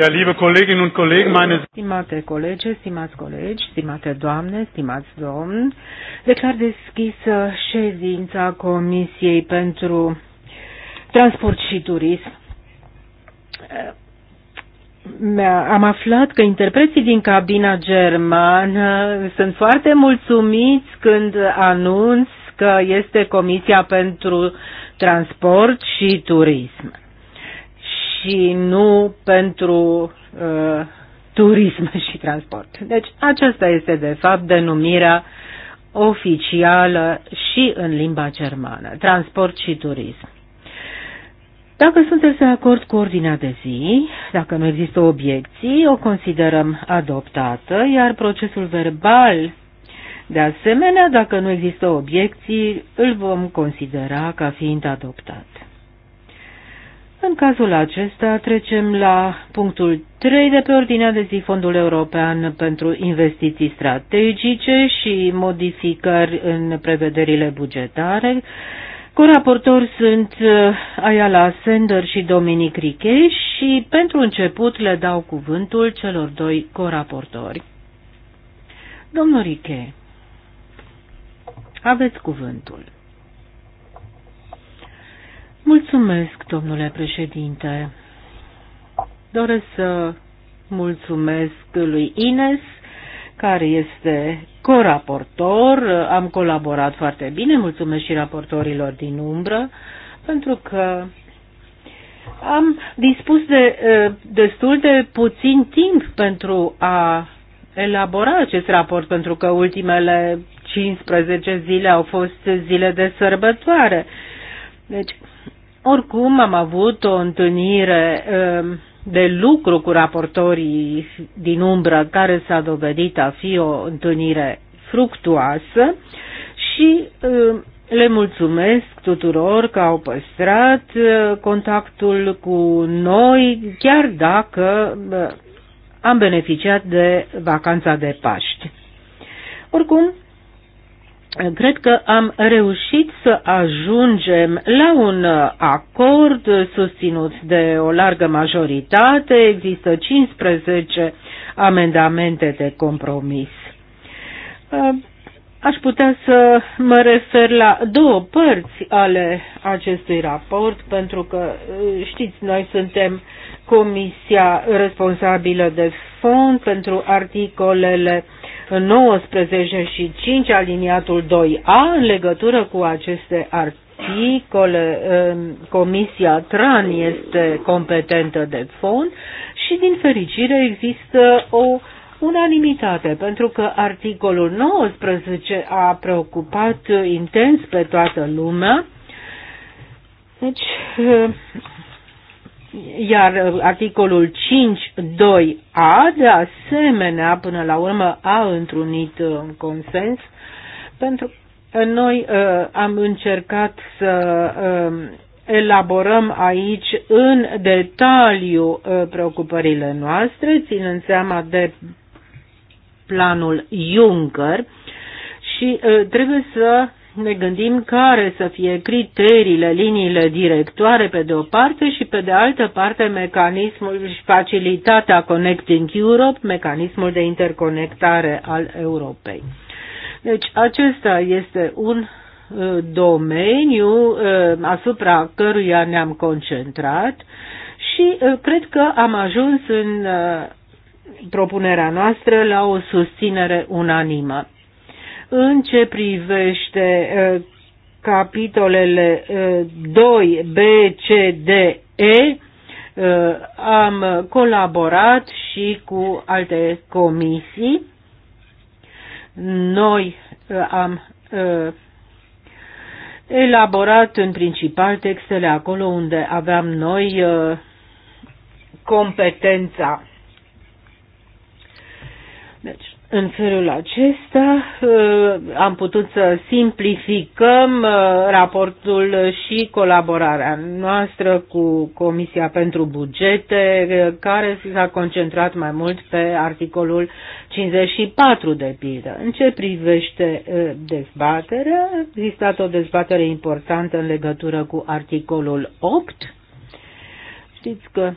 Ja, liebe Kolleginnen und Kollegen, meine Stimate colege, stimați colegi, stimate doamne, stimați domni, declar deschisă ședința Comisiei pentru Transport și Turism. Am aflat că interpreții din cabina germană sunt foarte mulțumiți când anunț că este Comisia pentru Transport și Turism și nu pentru uh, turism și transport. Deci aceasta este de fapt denumirea oficială și în limba germană, transport și turism. Dacă sunteți de acord cu ordinea de zi, dacă nu există obiecții, o considerăm adoptată, iar procesul verbal, de asemenea, dacă nu există obiecții, îl vom considera ca fiind adoptat. În cazul acesta trecem la punctul 3 de pe ordinea de zi Fondul European pentru Investiții Strategice și modificări în prevederile bugetare. Coraportori sunt uh, Ayala Sender și Dominic Riche și pentru început le dau cuvântul celor doi coraportori. Domnul Riche, aveți cuvântul. Mulțumesc, domnule președinte. Doresc să mulțumesc lui Ines, care este coraportor. Am colaborat foarte bine, mulțumesc și raportorilor din umbră, pentru că am dispus de destul de puțin timp pentru a elabora acest raport, pentru că ultimele 15 zile au fost zile de sărbătoare. Deci, oricum am avut o întâlnire um, de lucru cu raportorii din umbră care s-a dovedit a fi o întâlnire fructuoasă și um, le mulțumesc tuturor că au păstrat uh, contactul cu noi, chiar dacă uh, am beneficiat de vacanța de Paști. Oricum, cred că am reușit să ajungem la un uh, acord susținut de o largă majoritate. Există 15 amendamente de compromis. Uh, aș putea să mă refer la două părți ale acestui raport, pentru că, uh, știți, noi suntem comisia responsabilă de fond pentru articolele 19 și 5 aliniatul 2A în legătură cu aceste articole. Comisia TRAN este competentă de fond și din fericire există o unanimitate, pentru că articolul 19 a preocupat intens pe toată lumea. Deci, iar uh, articolul 5.2a, de asemenea, până la urmă, a întrunit un uh, consens, pentru că noi uh, am încercat să uh, elaborăm aici în detaliu uh, preocupările noastre, ținând seama de planul Juncker și uh, trebuie să ne gândim care să fie criteriile, liniile directoare pe de o parte și pe de altă parte mecanismul și facilitatea Connecting Europe, mecanismul de interconectare al Europei. Deci acesta este un uh, domeniu uh, asupra căruia ne-am concentrat și uh, cred că am ajuns în propunerea noastră la o susținere unanimă. În ce privește capitolele 2, B, C, D, E, am colaborat și cu alte comisii. Noi am elaborat în principal textele acolo unde aveam noi competența. Deci, în felul acesta uh, am putut să simplificăm uh, raportul și colaborarea noastră cu Comisia pentru Bugete, uh, care s-a concentrat mai mult pe articolul 54 de pildă. În ce privește dezbaterea, a existat o dezbatere importantă în legătură cu articolul 8. Știți că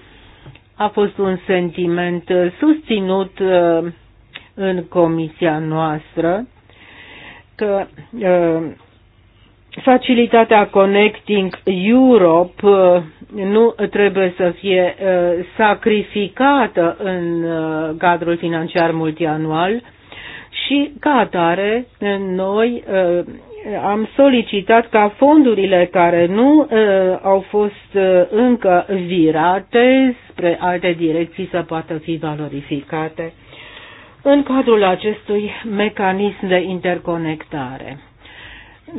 a fost un sentiment susținut în comisia noastră că uh, facilitatea Connecting Europe ă, nu trebuie să fie ă, sacrificată în cadrul financiar multianual și ca atare noi am solicitat ca fondurile care nu au fost încă virate spre alte direcții să poată fi valorificate în cadrul acestui mecanism de interconectare.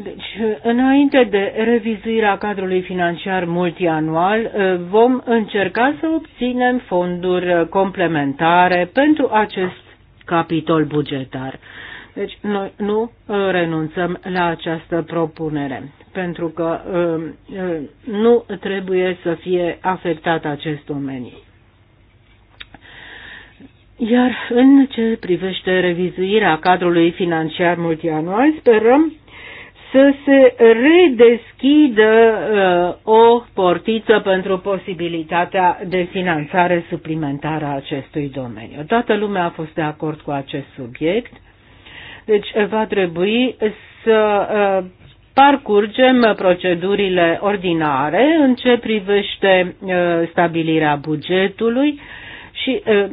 Deci, înainte de revizuirea cadrului financiar multianual, vom încerca să obținem fonduri complementare pentru acest capitol bugetar. Deci, noi nu uh, renunțăm la această propunere, pentru că uh, uh, nu trebuie să fie afectat acest domeniu. Iar în ce privește revizuirea cadrului financiar multianual, sperăm să se redeschidă uh, o portiță pentru posibilitatea de finanțare suplimentară a acestui domeniu. Toată lumea a fost de acord cu acest subiect, deci va trebui să uh, parcurgem procedurile ordinare în ce privește uh, stabilirea bugetului și uh,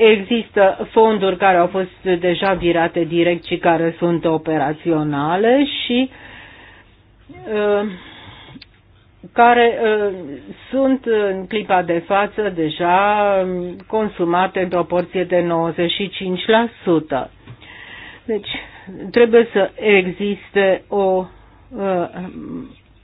Există fonduri care au fost deja virate direct și care sunt operaționale și uh, care uh, sunt în clipa de față deja consumate în proporție de 95%. Deci trebuie să existe o uh,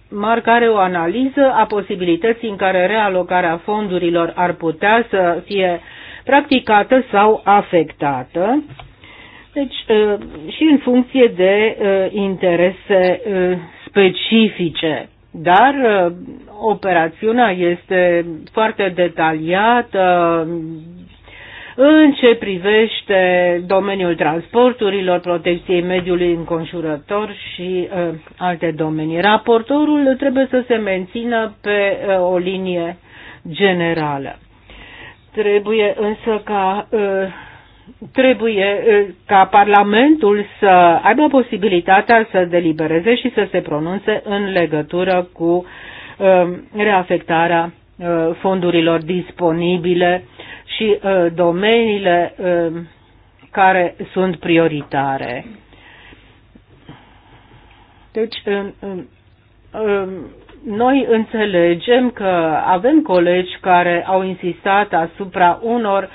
marcare, o analiză a posibilității în care realocarea fondurilor ar putea să fie practicată sau afectată, deci uh, și în funcție de uh, interese uh, specifice. Dar operațiunea este foarte detaliată, în ce privește domeniul transporturilor, protecției mediului înconjurător și uh, alte domenii. Raportorul trebuie să se mențină pe uh, o linie generală. Trebuie însă ca ă, trebuie ă, ca Parlamentul să aibă posibilitatea să delibereze și să se pronunțe în legătură cu ă, reafectarea fondurilor disponibile și domeniile care sunt prioritare. Deci, noi înțelegem că avem colegi care au insistat asupra unor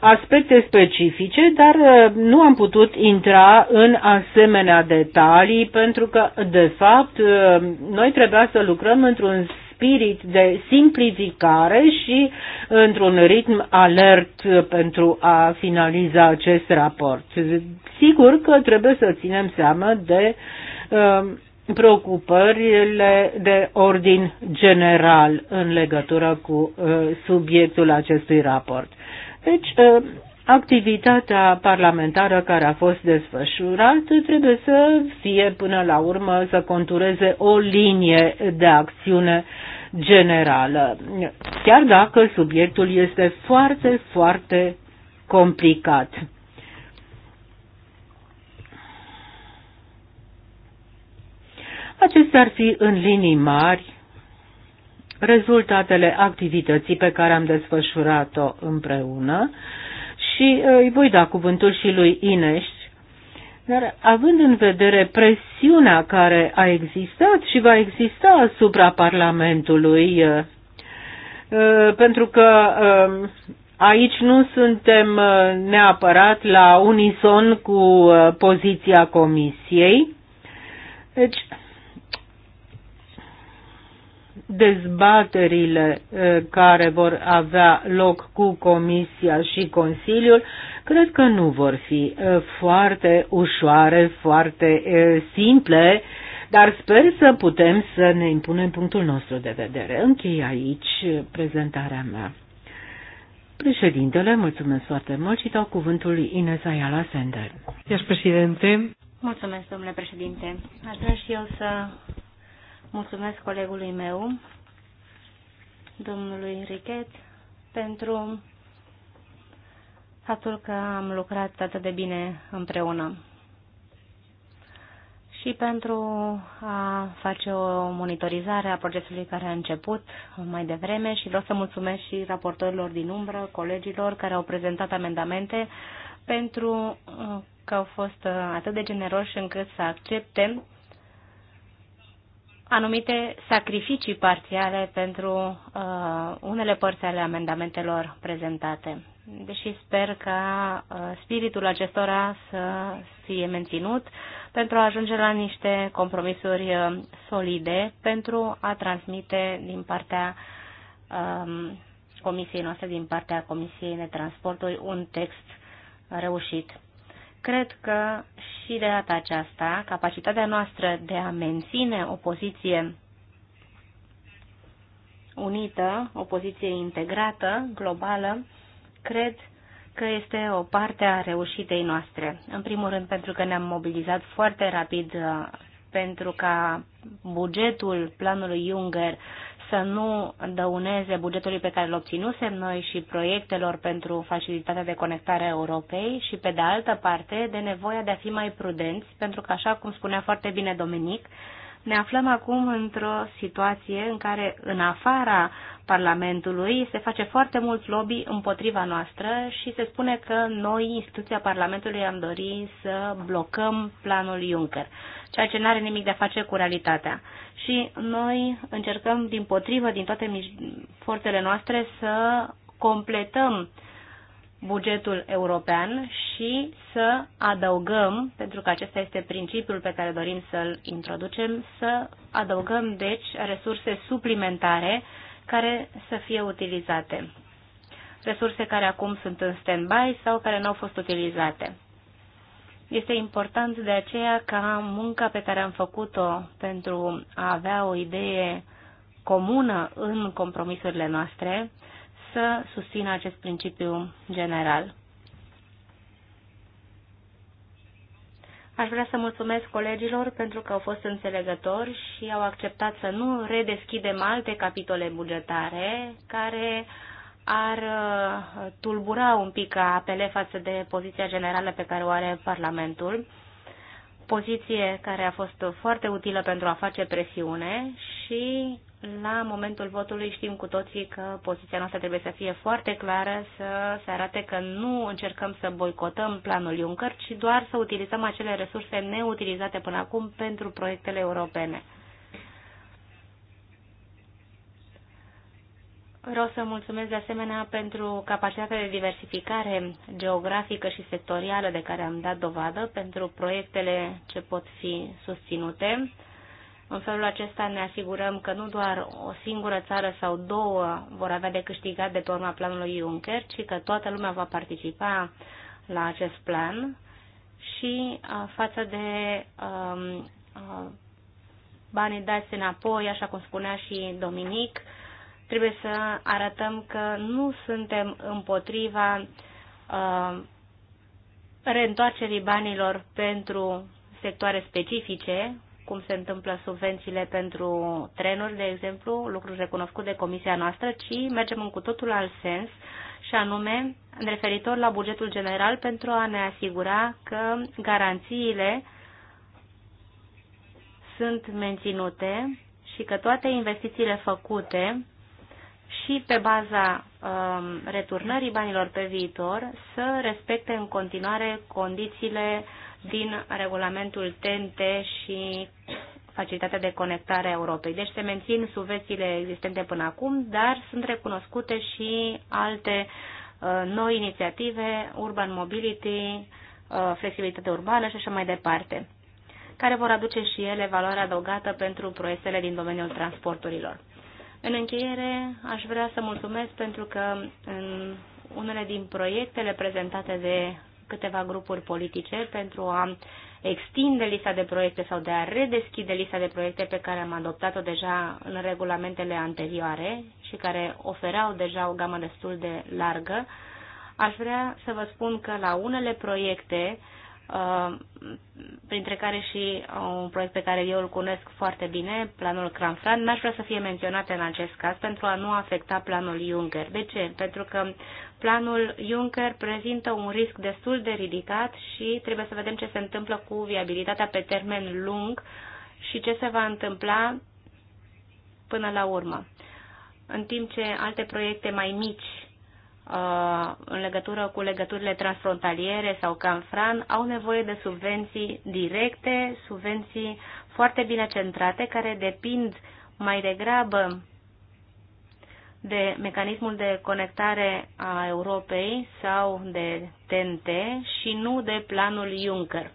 aspecte specifice, dar uh, nu am putut intra în asemenea detalii pentru că, de fapt, uh, noi trebuia să lucrăm într-un spirit de simplificare și într-un ritm alert pentru a finaliza acest raport. Sigur că trebuie să ținem seama de uh, preocupările de ordin general în legătură cu uh, subiectul acestui raport. Deci, uh, activitatea parlamentară care a fost desfășurată trebuie să fie până la urmă să contureze o linie de acțiune generală, chiar dacă subiectul este foarte, foarte complicat. Acestea ar fi în linii mari rezultatele activității pe care am desfășurat-o împreună și uh, îi voi da cuvântul și lui Inești. Dar având în vedere presiunea care a existat și va exista asupra Parlamentului, uh, uh, pentru că um, aici nu suntem neapărat la unison cu poziția Comisiei, deci dezbaterile eh, care vor avea loc cu Comisia și Consiliul, cred că nu vor fi eh, foarte ușoare, foarte eh, simple, dar sper să putem să ne impunem punctul nostru de vedere. Închei aici prezentarea mea. Președintele, mulțumesc foarte mult și dau cuvântul lui Ines Ayala Sender. Mulțumesc, președinte. Mulțumesc, domnule președinte. Aș vrea și eu să Mulțumesc colegului meu, domnului Richet, pentru faptul că am lucrat atât de bine împreună și pentru a face o monitorizare a procesului care a început mai devreme și vreau să mulțumesc și raportorilor din umbră, colegilor care au prezentat amendamente pentru că au fost atât de generoși încât să accepte anumite sacrificii parțiale pentru uh, unele părți ale amendamentelor prezentate. Deși sper ca uh, spiritul acestora să fie menținut pentru a ajunge la niște compromisuri uh, solide pentru a transmite din partea uh, comisiei noastre, din partea Comisiei de Transporturi, un text reușit. Cred că și de data aceasta, capacitatea noastră de a menține o poziție unită, o poziție integrată, globală, cred că este o parte a reușitei noastre. În primul rând pentru că ne-am mobilizat foarte rapid uh, pentru ca bugetul planului Junger să nu dăuneze bugetului pe care îl obținusem noi și proiectelor pentru facilitatea de conectare a Europei și, pe de altă parte, de nevoia de a fi mai prudenți, pentru că, așa cum spunea foarte bine Dominic, ne aflăm acum într-o situație în care, în afara Parlamentului, se face foarte mult lobby împotriva noastră și se spune că noi, instituția Parlamentului, am dorit să blocăm planul Juncker, ceea ce nu are nimic de a face cu realitatea. Și noi încercăm, din potrivă, din toate forțele noastre, să completăm uh, bugetul european și să adăugăm, pentru că acesta este principiul pe care dorim să-l introducem, să adăugăm, deci, resurse suplimentare care să fie utilizate. Resurse care acum sunt în stand-by sau care nu au fost utilizate. Este important de aceea ca munca pe care am făcut-o pentru a avea o idee comună în compromisurile noastre, să susțină acest principiu general. Aș vrea să mulțumesc colegilor pentru că au fost înțelegători și au acceptat să nu redeschidem alte capitole bugetare care ar uh, tulbura un pic apele față de poziția generală pe care o are Parlamentul poziție care a fost foarte utilă pentru a face presiune și la momentul votului știm cu toții că poziția noastră trebuie să fie foarte clară, să se arate că nu încercăm să boicotăm planul Juncker, ci doar să utilizăm acele resurse neutilizate până acum pentru proiectele europene. Vreau să mulțumesc de asemenea pentru capacitatea de diversificare geografică și sectorială de care am dat dovadă pentru proiectele ce pot fi susținute. În felul acesta ne asigurăm că nu doar o singură țară sau două vor avea de câștigat de pe urma planului Juncker, ci că toată lumea va participa la acest plan și față de um, banii dați înapoi, așa cum spunea și Dominic, Trebuie să arătăm că nu suntem împotriva uh, reîntoarcerii banilor pentru sectoare specifice, cum se întâmplă subvențiile pentru trenuri, de exemplu, lucruri recunoscut de comisia noastră, ci mergem în cu totul alt sens și anume în referitor la bugetul general pentru a ne asigura că garanțiile sunt menținute și că toate investițiile făcute și pe baza um, returnării banilor pe viitor să respecte în continuare condițiile din regulamentul TNT și facilitatea de conectare a Europei. Deci se mențin subvențiile existente până acum, dar sunt recunoscute și alte uh, noi inițiative, urban mobility, uh, flexibilitate urbană și așa mai departe, care vor aduce și ele valoare adăugată pentru proiectele din domeniul transporturilor. În încheiere, aș vrea să mulțumesc pentru că în unele din proiectele prezentate de câteva grupuri politice pentru a extinde lista de proiecte sau de a redeschide lista de proiecte pe care am adoptat-o deja în regulamentele anterioare și care oferau deja o gamă destul de largă, aș vrea să vă spun că la unele proiecte Uh, printre care și un proiect pe care eu îl cunosc foarte bine, planul Cranfran, n-aș vrea să fie menționat în acest caz pentru a nu afecta planul Juncker. De ce? Pentru că planul Juncker prezintă un risc destul de ridicat și trebuie să vedem ce se întâmplă cu viabilitatea pe termen lung și ce se va întâmpla până la urmă. În timp ce alte proiecte mai mici în legătură cu legăturile transfrontaliere sau canfran au nevoie de subvenții directe, subvenții foarte bine centrate, care depind mai degrabă de mecanismul de conectare a Europei sau de TNT și nu de planul Juncker.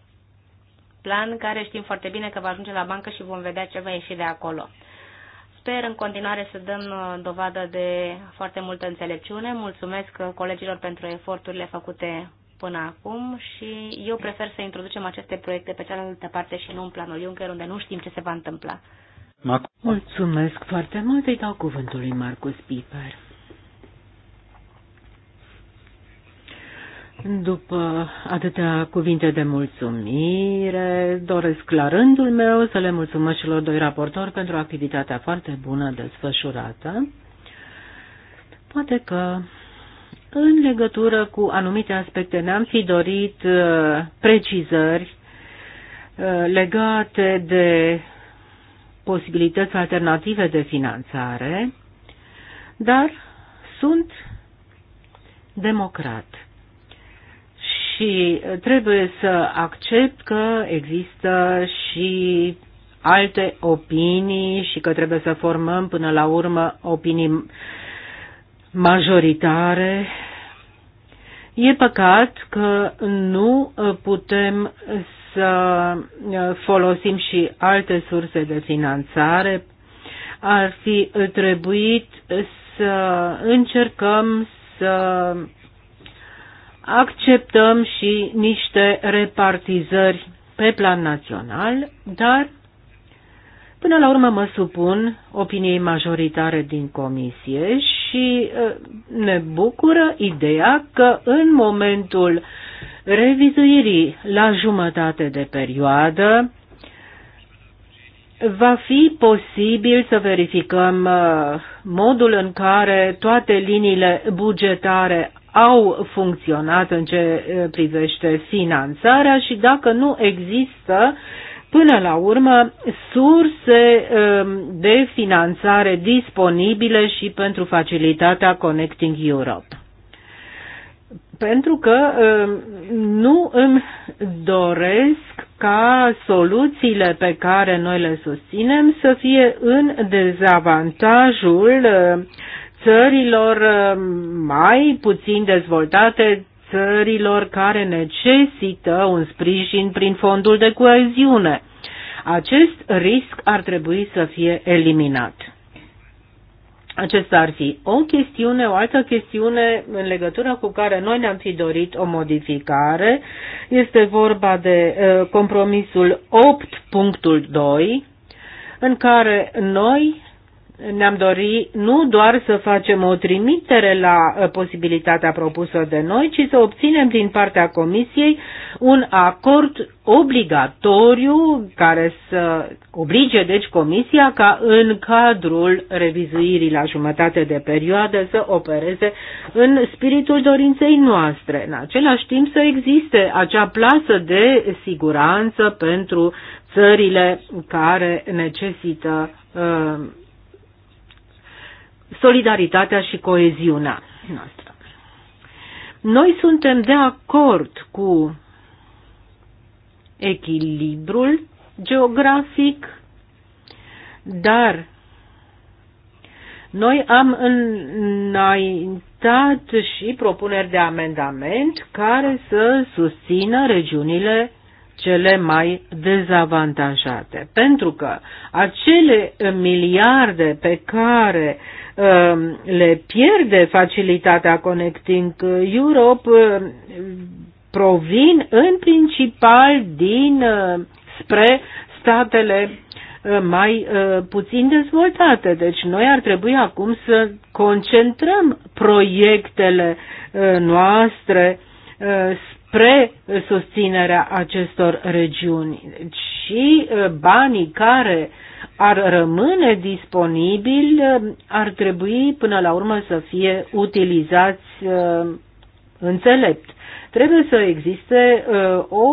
Plan care știm foarte bine că va ajunge la bancă și vom vedea ce va ieși de acolo. Sper în continuare să dăm uh, dovadă de foarte multă înțelepciune. Mulțumesc uh, colegilor pentru eforturile făcute până acum și eu prefer să introducem aceste proiecte pe cealaltă parte și nu în planul Juncker, unde nu știm ce se va întâmpla. Mulțumesc foarte mult, îi dau cuvântul lui Marcus Piper. După atâtea cuvinte de mulțumire, doresc la rândul meu să le mulțumesc celor doi raportori pentru activitatea foarte bună desfășurată. Poate că în legătură cu anumite aspecte ne-am fi dorit uh, precizări uh, legate de posibilități alternative de finanțare, dar sunt democrat și trebuie să accept că există și alte opinii și că trebuie să formăm până la urmă opinii majoritare. E păcat că nu putem să folosim și alte surse de finanțare. Ar fi trebuit să încercăm să acceptăm și niște repartizări pe plan național, dar până la urmă mă supun opiniei majoritare din comisie și ă, ne bucură ideea că în momentul revizuirii la jumătate de perioadă va fi posibil să verificăm ă, modul în care toate liniile bugetare au funcționat în ce privește finanțarea și dacă nu există până la urmă surse de finanțare disponibile și pentru facilitatea Connecting Europe. Pentru că nu îmi doresc ca soluțiile pe care noi le susținem să fie în dezavantajul țărilor uh, mai puțin dezvoltate, țărilor care necesită un sprijin prin fondul de coeziune. Acest risc ar trebui să fie eliminat. Acesta ar fi o chestiune, o altă chestiune în legătură cu care noi ne-am fi dorit o modificare. Este vorba de uh, compromisul 8.2, în care noi ne-am dori nu doar să facem o trimitere la uh, posibilitatea propusă de noi, ci să obținem din partea Comisiei un acord obligatoriu care să oblige, deci, Comisia ca în cadrul revizuirii la jumătate de perioadă să opereze în spiritul dorinței noastre. În același timp să existe acea plasă de siguranță pentru țările care necesită uh, solidaritatea și coeziunea noastră. Noi suntem de acord cu echilibrul geografic, dar noi am înaintat și propuneri de amendament care să susțină regiunile cele mai dezavantajate, pentru că acele miliarde pe care Um, le pierde facilitatea Connecting Europe um, provin în principal din uh, spre statele uh, mai uh, puțin dezvoltate. Deci noi ar trebui acum să concentrăm proiectele noastre spre susținerea acestor regiuni. Și banii care uh, ar rămâne disponibil, ar trebui până la urmă să fie utilizați uh, înțelept. Trebuie să existe uh, o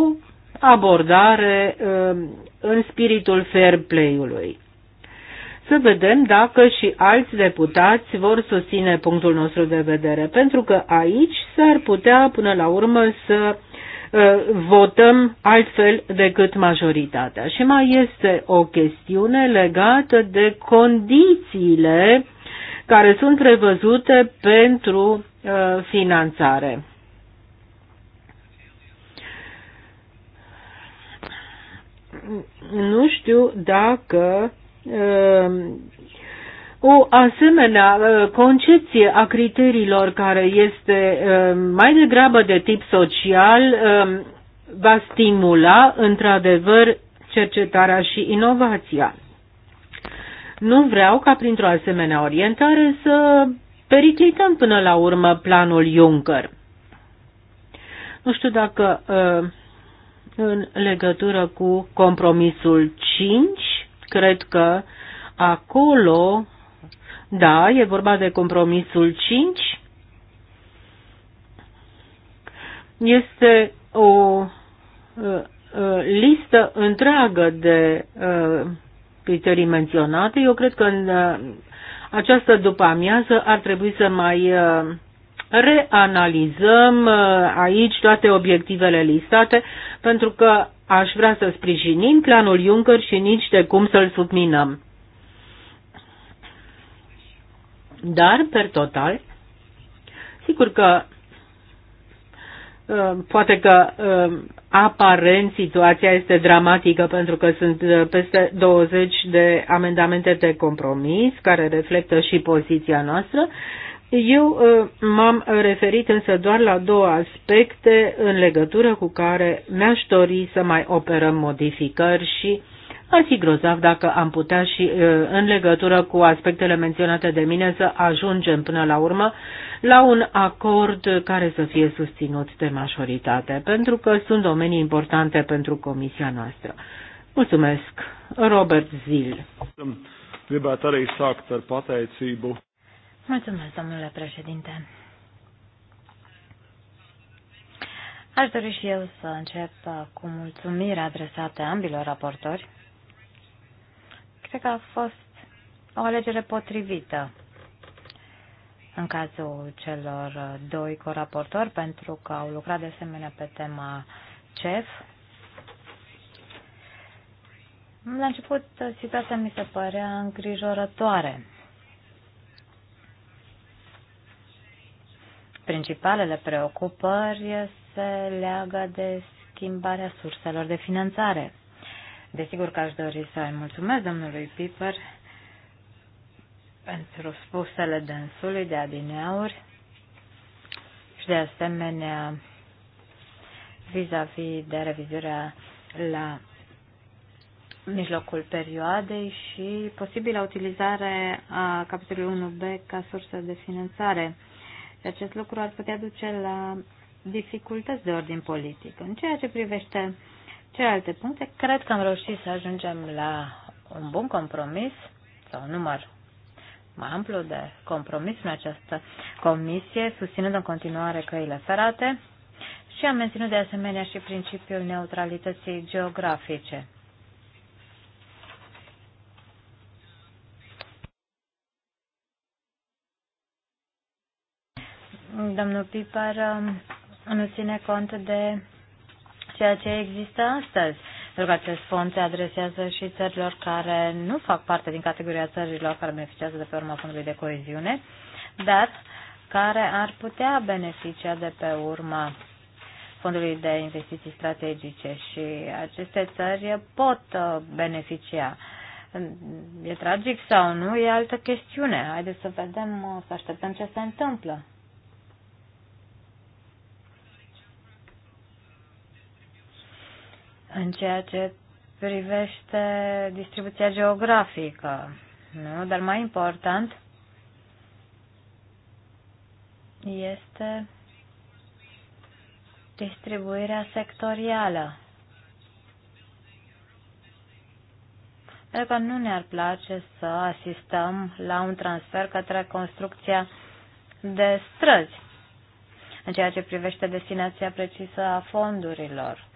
abordare uh, în spiritul fair play-ului. Să vedem dacă și alți deputați vor susține punctul nostru de vedere, pentru că aici s-ar putea până la urmă să Uh, votăm altfel decât majoritatea. Și mai este o chestiune legată de condițiile care sunt prevăzute pentru uh, finanțare. Nu știu dacă uh, o asemenea uh, concepție a criteriilor care este um, mai degrabă de tip social um, va stimula într-adevăr cercetarea și inovația. Nu vreau ca printr-o asemenea orientare să periclităm până la urmă planul Juncker. Nu știu dacă uh, în legătură cu compromisul 5, cred că acolo da, e vorba de compromisul 5. Este o uh, uh, listă întreagă de uh, criterii menționate. Eu cred că în această după-amiază ar trebui să mai reanalizăm aici toate obiectivele listate, pentru că aș vrea să sprijinim planul Juncker și nici de cum să-l subminăm. Dar, per total, sigur că uh, poate că uh, aparent situația este dramatică pentru că sunt uh, peste 20 de amendamente de compromis care reflectă și poziția noastră. Eu m-am referit însă doar la două aspecte în legătură cu care mi-aș dori să mai operăm modificări și uh, ar fi grozav dacă am putea și în legătură cu aspectele menționate de mine să ajungem până la urmă la un acord care să fie susținut de majoritate, pentru că sunt domenii importante pentru comisia noastră. Mulțumesc, Robert Zil. Mulțumesc, domnule președinte. Aș dori și eu să încep cu mulțumiri adresate ambilor raportori Cred că a fost o alegere potrivită în cazul celor doi coraportori, pentru că au lucrat de asemenea pe tema CEF. La început, situația mi se părea îngrijorătoare. Principalele preocupări se leagă de schimbarea surselor de finanțare. Desigur că aș dori să-i mulțumesc domnului Piper pentru spusele dânsului de adineauri și de asemenea vis-a-vis -vis de revizuirea la mijlocul perioadei și posibilă utilizare a capitolului 1B ca sursă de finanțare. Și acest lucru ar putea duce la dificultăți de ordin politic. În ceea ce privește celelalte puncte, cred că am reușit să ajungem la un bun compromis sau un număr mai amplu de compromis în această comisie, susținând în continuare căile ferate și am menținut de asemenea și principiul neutralității geografice. Domnul Pipar um, nu ține cont de ceea ce există astăzi. Pentru că acest fond se adresează și țărilor care nu fac parte din categoria țărilor care beneficiază de pe urma fondului de coeziune, dar care ar putea beneficia de pe urma fondului de investiții strategice și aceste țări pot uh, beneficia. E tragic sau nu, e altă chestiune. Haideți să vedem, uh, să așteptăm ce se întâmplă. în ceea ce privește distribuția geografică, nu? Dar mai important este distribuirea sectorială. Pentru că nu ne-ar place să asistăm la un transfer către construcția de străzi în ceea ce privește destinația precisă a fondurilor.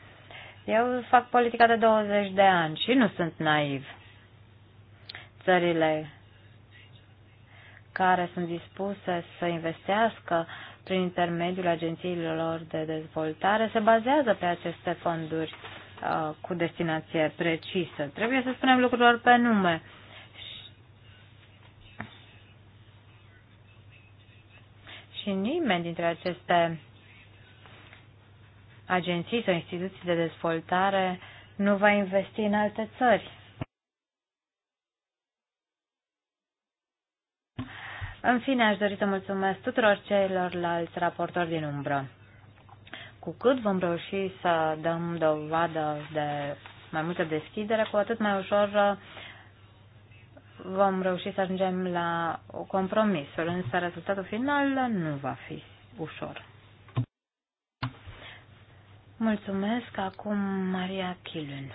Eu fac politica de 20 de ani și nu sunt naiv. Țările care sunt dispuse să investească prin intermediul agențiilor de dezvoltare se bazează pe aceste fonduri uh, cu destinație precisă. Trebuie să spunem lucrurilor pe nume. Și nimeni dintre aceste agenții sau instituții de dezvoltare nu va investi în alte țări. În fine, aș dori să mulțumesc tuturor celorlalți raportori din umbră. Cu cât vom reuși să dăm dovadă de mai multă deschidere, cu atât mai ușor vom reuși să ajungem la compromisuri, însă rezultatul final nu va fi ușor. Mulțumesc. Acum Maria Chilun.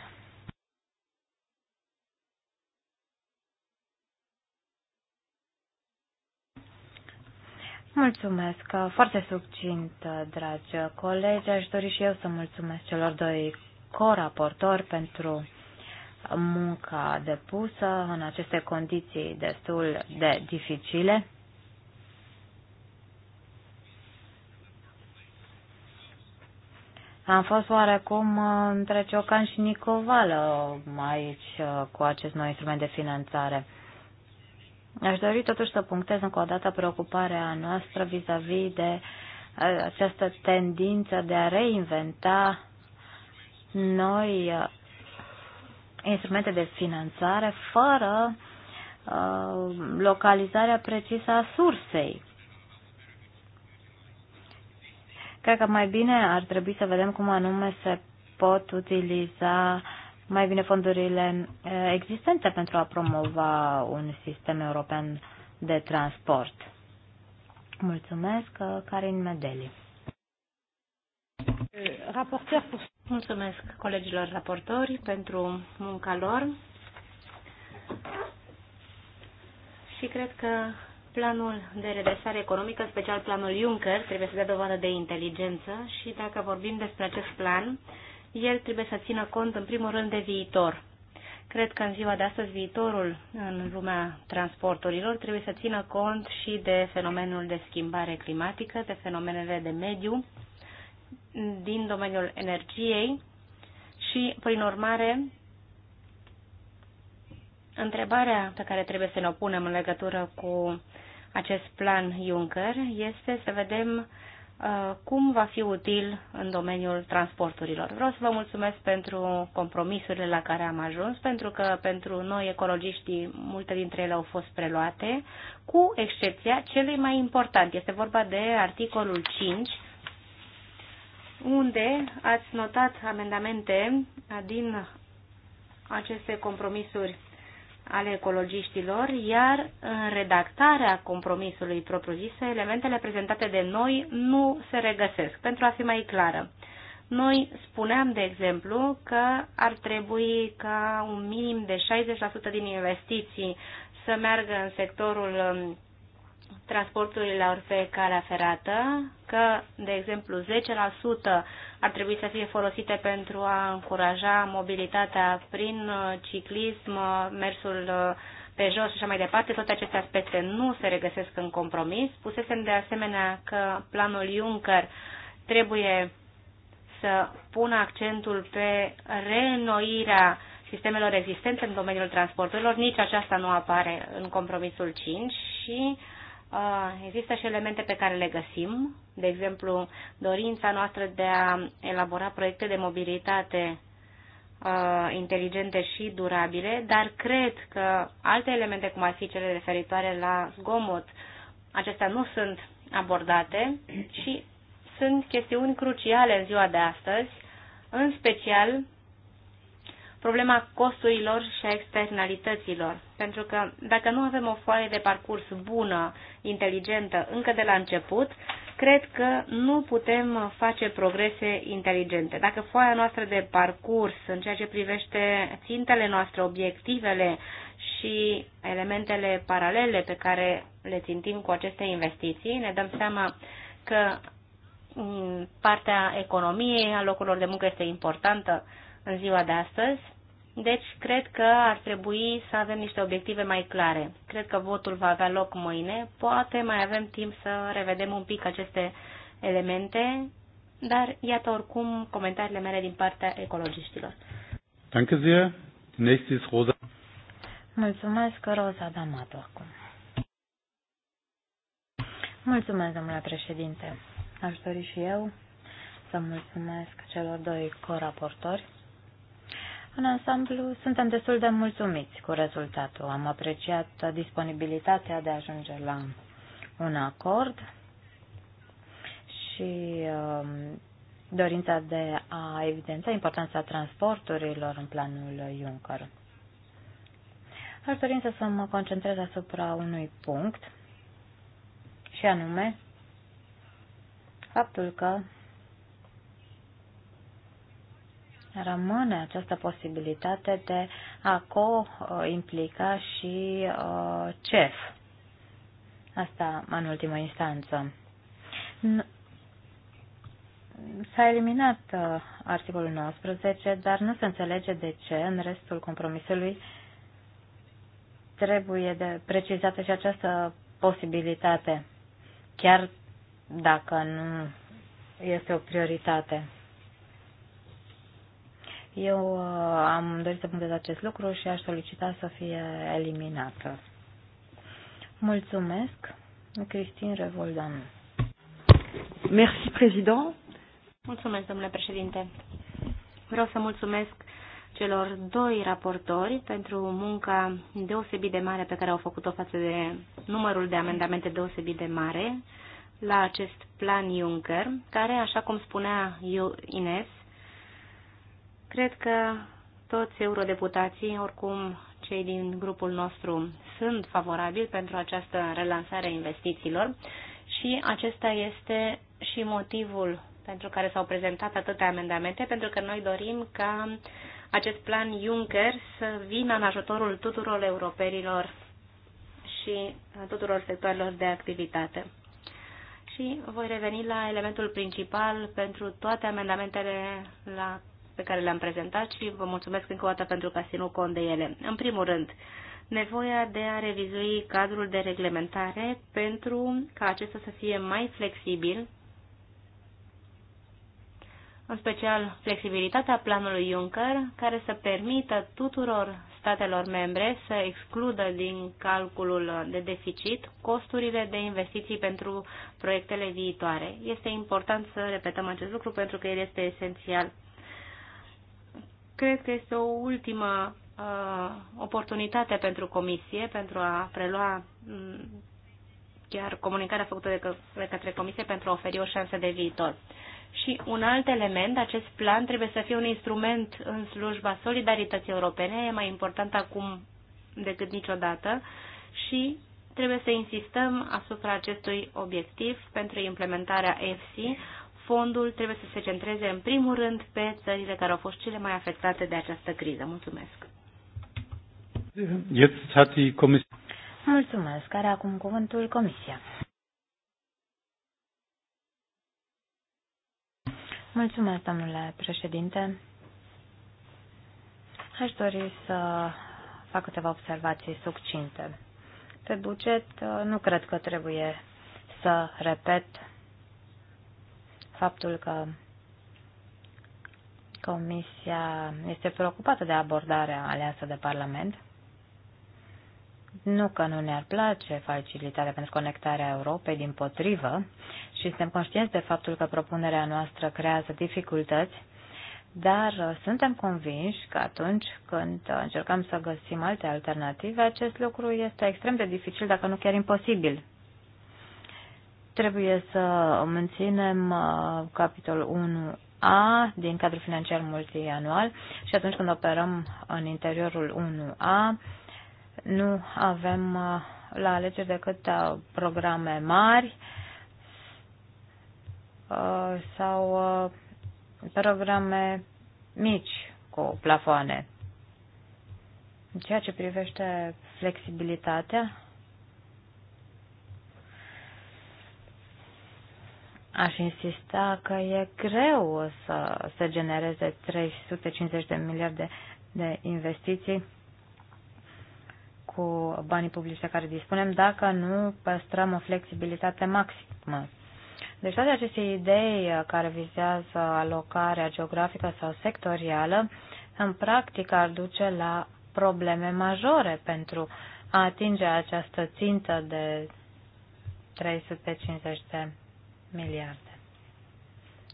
Mulțumesc. Foarte succint, dragi colegi. Aș dori și eu să mulțumesc celor doi coraportori pentru munca depusă în aceste condiții destul de dificile. Am fost oarecum uh, între Ciocan și Nicovală uh, aici uh, cu acest nou instrument de finanțare. Aș dori totuși să punctez încă o dată preocuparea noastră vis-a-vis -vis de această tendință de a reinventa noi instrumente de finanțare fără localizarea precisă a sursei. Cred că mai bine ar trebui să vedem cum anume se pot utiliza mai bine fondurile eh, existente pentru a promova un sistem european de transport. Mulțumesc, eh, Karin Medeli. mulțumesc colegilor raportori pentru munca lor și cred că Planul de redresare economică, în special planul Juncker, trebuie să dea dovadă de inteligență și dacă vorbim despre acest plan, el trebuie să țină cont în primul rând de viitor. Cred că în ziua de astăzi viitorul în lumea transporturilor trebuie să țină cont și de fenomenul de schimbare climatică, de fenomenele de mediu din domeniul energiei și, prin urmare, întrebarea pe care trebuie să ne o punem în legătură cu acest plan Juncker este să vedem uh, cum va fi util în domeniul transporturilor. Vreau să vă mulțumesc pentru compromisurile la care am ajuns, pentru că pentru noi ecologiștii multe dintre ele au fost preluate, cu excepția celui mai important. Este vorba de articolul 5, unde ați notat amendamente din aceste compromisuri ale ecologiștilor, iar în redactarea compromisului propriu-zise, elementele prezentate de noi nu se regăsesc, pentru a fi mai clară. Noi spuneam, de exemplu, că ar trebui ca un minim de 60% din investiții să meargă în sectorul um, transporturilor pe calea ferată, că, de exemplu, 10% ar trebui să fie folosite pentru a încuraja mobilitatea prin uh, ciclism, uh, mersul uh, pe jos și așa mai departe, toate aceste aspecte nu se regăsesc în compromis. Pusesem de asemenea că planul Juncker trebuie să pună accentul pe reînnoirea sistemelor existente în domeniul transporturilor, nici aceasta nu apare în compromisul 5 și uh, Există și elemente pe care le găsim, de exemplu, dorința noastră de a elabora proiecte de mobilitate inteligente și durabile, dar cred că alte elemente, cum ar fi cele referitoare la zgomot, acestea nu sunt abordate și sunt chestiuni cruciale în ziua de astăzi, în special problema costurilor și a externalităților. Pentru că dacă nu avem o foaie de parcurs bună, inteligentă, încă de la început, cred că nu putem face progrese inteligente. Dacă foaia noastră de parcurs în ceea ce privește țintele noastre, obiectivele și elementele paralele pe care le țintim cu aceste investiții, ne dăm seama că mm, partea economiei a locurilor de muncă este importantă în ziua de astăzi deci, cred că ar trebui să avem niște obiective mai clare. Cred că votul va avea loc mâine. Poate mai avem timp să revedem un pic aceste elemente, dar iată oricum comentariile mele din partea ecologiștilor. Danke sehr. Next Rosa. Mulțumesc, Rosa D'Amato, acum. Mulțumesc, domnule președinte. Aș dori și eu să mulțumesc celor doi coraportori în ansamblu, suntem destul de mulțumiți cu rezultatul. Am apreciat disponibilitatea de a ajunge la un acord și um, dorința de a evidența importanța transporturilor în planul Juncker. Aș dori să mă concentrez asupra unui punct, și anume faptul că rămâne această posibilitate de a co-implica și uh, CEF. Asta în ultimă instanță. S-a eliminat uh, articolul 19, dar nu se înțelege de ce în restul compromisului trebuie de precizată și această posibilitate, chiar dacă nu este o prioritate. Eu uh, am dorit să punctez acest lucru și aș solicita să fie eliminată. Mulțumesc, Cristin Revoldan. Merci, président. Mulțumesc, domnule președinte. Vreau să mulțumesc celor doi raportori pentru munca deosebit de mare pe care au făcut-o față de numărul de amendamente deosebit de mare la acest plan Juncker, care, așa cum spunea Ines, Cred că toți eurodeputații, oricum cei din grupul nostru, sunt favorabili pentru această relansare a investițiilor și acesta este și motivul pentru care s-au prezentat atâtea amendamente, pentru că noi dorim ca acest plan Juncker să vină în ajutorul tuturor europenilor și tuturor sectoarelor de activitate. Și voi reveni la elementul principal pentru toate amendamentele la pe care le-am prezentat și vă mulțumesc încă o dată pentru că ați ținut cont de ele. În primul rând, nevoia de a revizui cadrul de reglementare pentru ca acesta să fie mai flexibil, în special flexibilitatea planului Juncker, care să permită tuturor statelor membre să excludă din calculul de deficit costurile de investiții pentru proiectele viitoare. Este important să repetăm acest lucru pentru că el este esențial Cred că este o ultimă uh, oportunitate pentru Comisie pentru a prelua um, chiar comunicarea făcută de, că, de către Comisie pentru a oferi o șansă de viitor. Și un alt element, acest plan trebuie să fie un instrument în slujba solidarității europene, e mai important acum decât niciodată și trebuie să insistăm asupra acestui obiectiv pentru implementarea EFSI, fondul trebuie să se centreze în primul rând pe țările care au fost cele mai afectate de această criză. Mulțumesc! Mulțumesc! Are acum cuvântul Comisia. Mulțumesc, domnule președinte. Aș dori să fac câteva observații succinte. Pe buget nu cred că trebuie să repet faptul că Comisia este preocupată de abordarea aleasă de Parlament. Nu că nu ne-ar place facilitarea pentru conectarea Europei, din potrivă, și suntem conștienți de faptul că propunerea noastră creează dificultăți, dar suntem convinși că atunci când încercăm să găsim alte alternative, acest lucru este extrem de dificil, dacă nu chiar imposibil. Trebuie să menținem uh, capitolul 1A din cadrul financiar multianual și atunci când operăm în interiorul 1A, nu avem uh, la alegeri decât uh, programe mari sau programe mici cu plafoane. În ceea ce privește flexibilitatea, Aș insista că e greu să se genereze 350 de miliarde de investiții cu banii publici de care dispunem dacă nu păstrăm o flexibilitate maximă. Deci toate aceste idei care vizează alocarea geografică sau sectorială, în practică ar duce la probleme majore pentru a atinge această țintă de 350 de miliarde.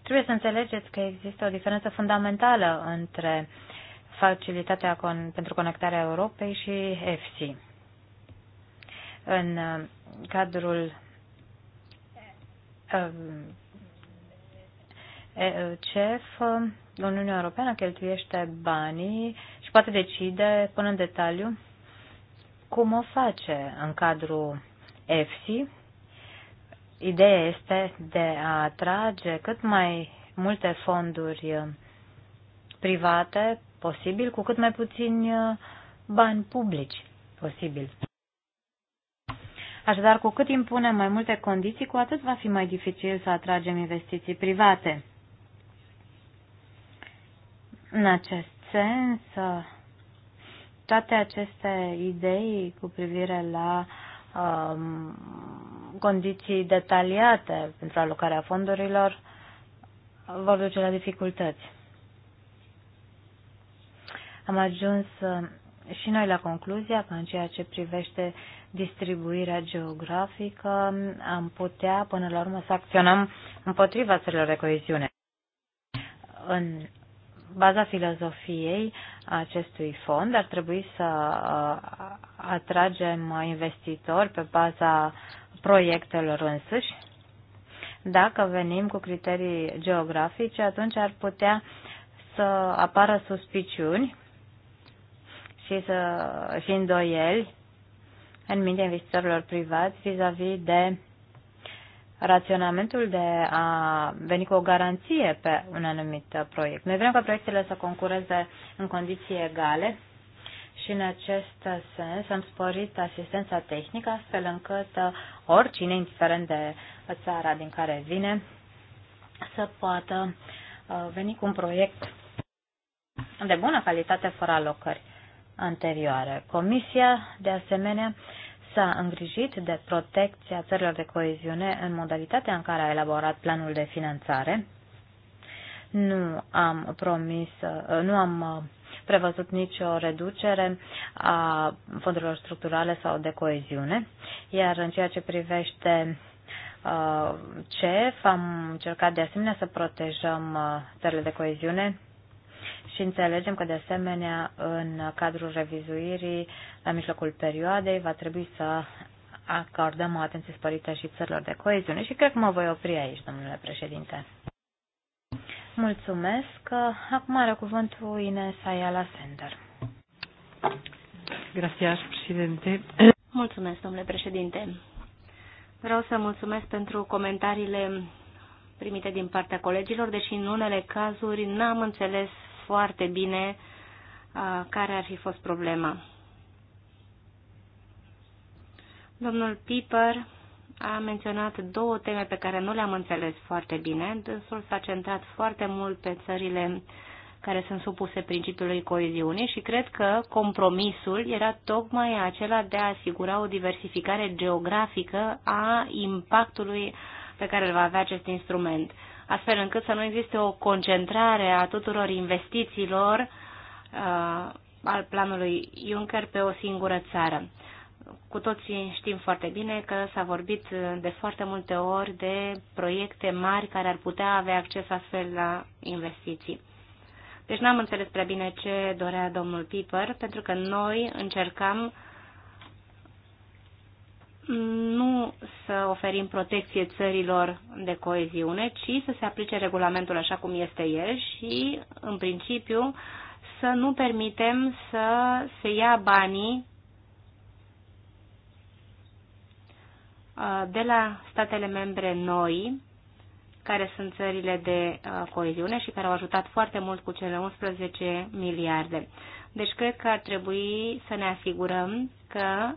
Trebuie să înțelegeți că există o diferență fundamentală între facilitatea con- pentru conectarea Europei și EFSI. În uh, cadrul uh, CEF, Uniunea Europeană cheltuiește banii și poate decide până în detaliu cum o face în cadrul EFSI, ideea este de a atrage cât mai multe fonduri uh, private posibil cu cât mai puțini uh, bani publici posibil. Așadar, cu cât impunem mai multe condiții, cu atât va fi mai dificil să atragem investiții private. În acest sens, uh, toate aceste idei cu privire la um, condiții detaliate pentru alocarea fondurilor vor duce la dificultăți. Am ajuns uh, și noi la concluzia că în ceea ce privește distribuirea geografică am putea până la urmă să acționăm împotriva țărilor de coeziune. În baza filozofiei acestui fond ar trebui să uh, atragem investitori pe baza proiectelor însuși. Dacă venim cu criterii geografice, atunci ar putea să apară suspiciuni și, să, și îndoieli în mintea investitorilor privați vis-a-vis -vis de raționamentul de a veni cu o garanție pe un anumit proiect. Noi vrem ca proiectele să concureze în condiții egale și în acest sens am sporit asistența tehnică astfel încât uh, oricine, indiferent de țara din care vine, să poată uh, veni cu un proiect de bună calitate fără alocări anterioare. Comisia, de asemenea, s-a îngrijit de protecția țărilor de coeziune în modalitatea în care a elaborat planul de finanțare. Nu am promis, uh, nu am prevăzut nicio reducere a fondurilor structurale sau de coeziune, iar în ceea ce privește uh, CEF am încercat de asemenea să protejăm uh, țările de coeziune și înțelegem că, de asemenea, în cadrul revizuirii, la mijlocul perioadei, va trebui să acordăm o atenție sporită și țărilor de coeziune și cred că mă voi opri aici, domnule președinte. Mulțumesc. Acum are cuvântul Ines Ayala Sender. Gracias, președinte. Mulțumesc, domnule președinte. Vreau să mulțumesc pentru comentariile primite din partea colegilor, deși în unele cazuri n-am înțeles foarte bine care ar fi fost problema. Domnul Piper a menționat două teme pe care nu le-am înțeles foarte bine. Dânsul s-a centrat foarte mult pe țările care sunt supuse principiului coeziunii și cred că compromisul era tocmai acela de a asigura o diversificare geografică a impactului pe care îl va avea acest instrument, astfel încât să nu existe o concentrare a tuturor investițiilor uh, al planului Juncker pe o singură țară. Cu toții știm foarte bine că s-a vorbit de foarte multe ori de proiecte mari care ar putea avea acces astfel la investiții. Deci n-am înțeles prea bine ce dorea domnul Piper, pentru că noi încercam nu să oferim protecție țărilor de coeziune, ci să se aplice regulamentul așa cum este el și, în principiu, să nu permitem să se ia banii Uh, de la statele membre noi, care sunt țările de uh, coeziune și care au ajutat foarte mult cu cele 11 miliarde. Deci cred că ar trebui să ne asigurăm că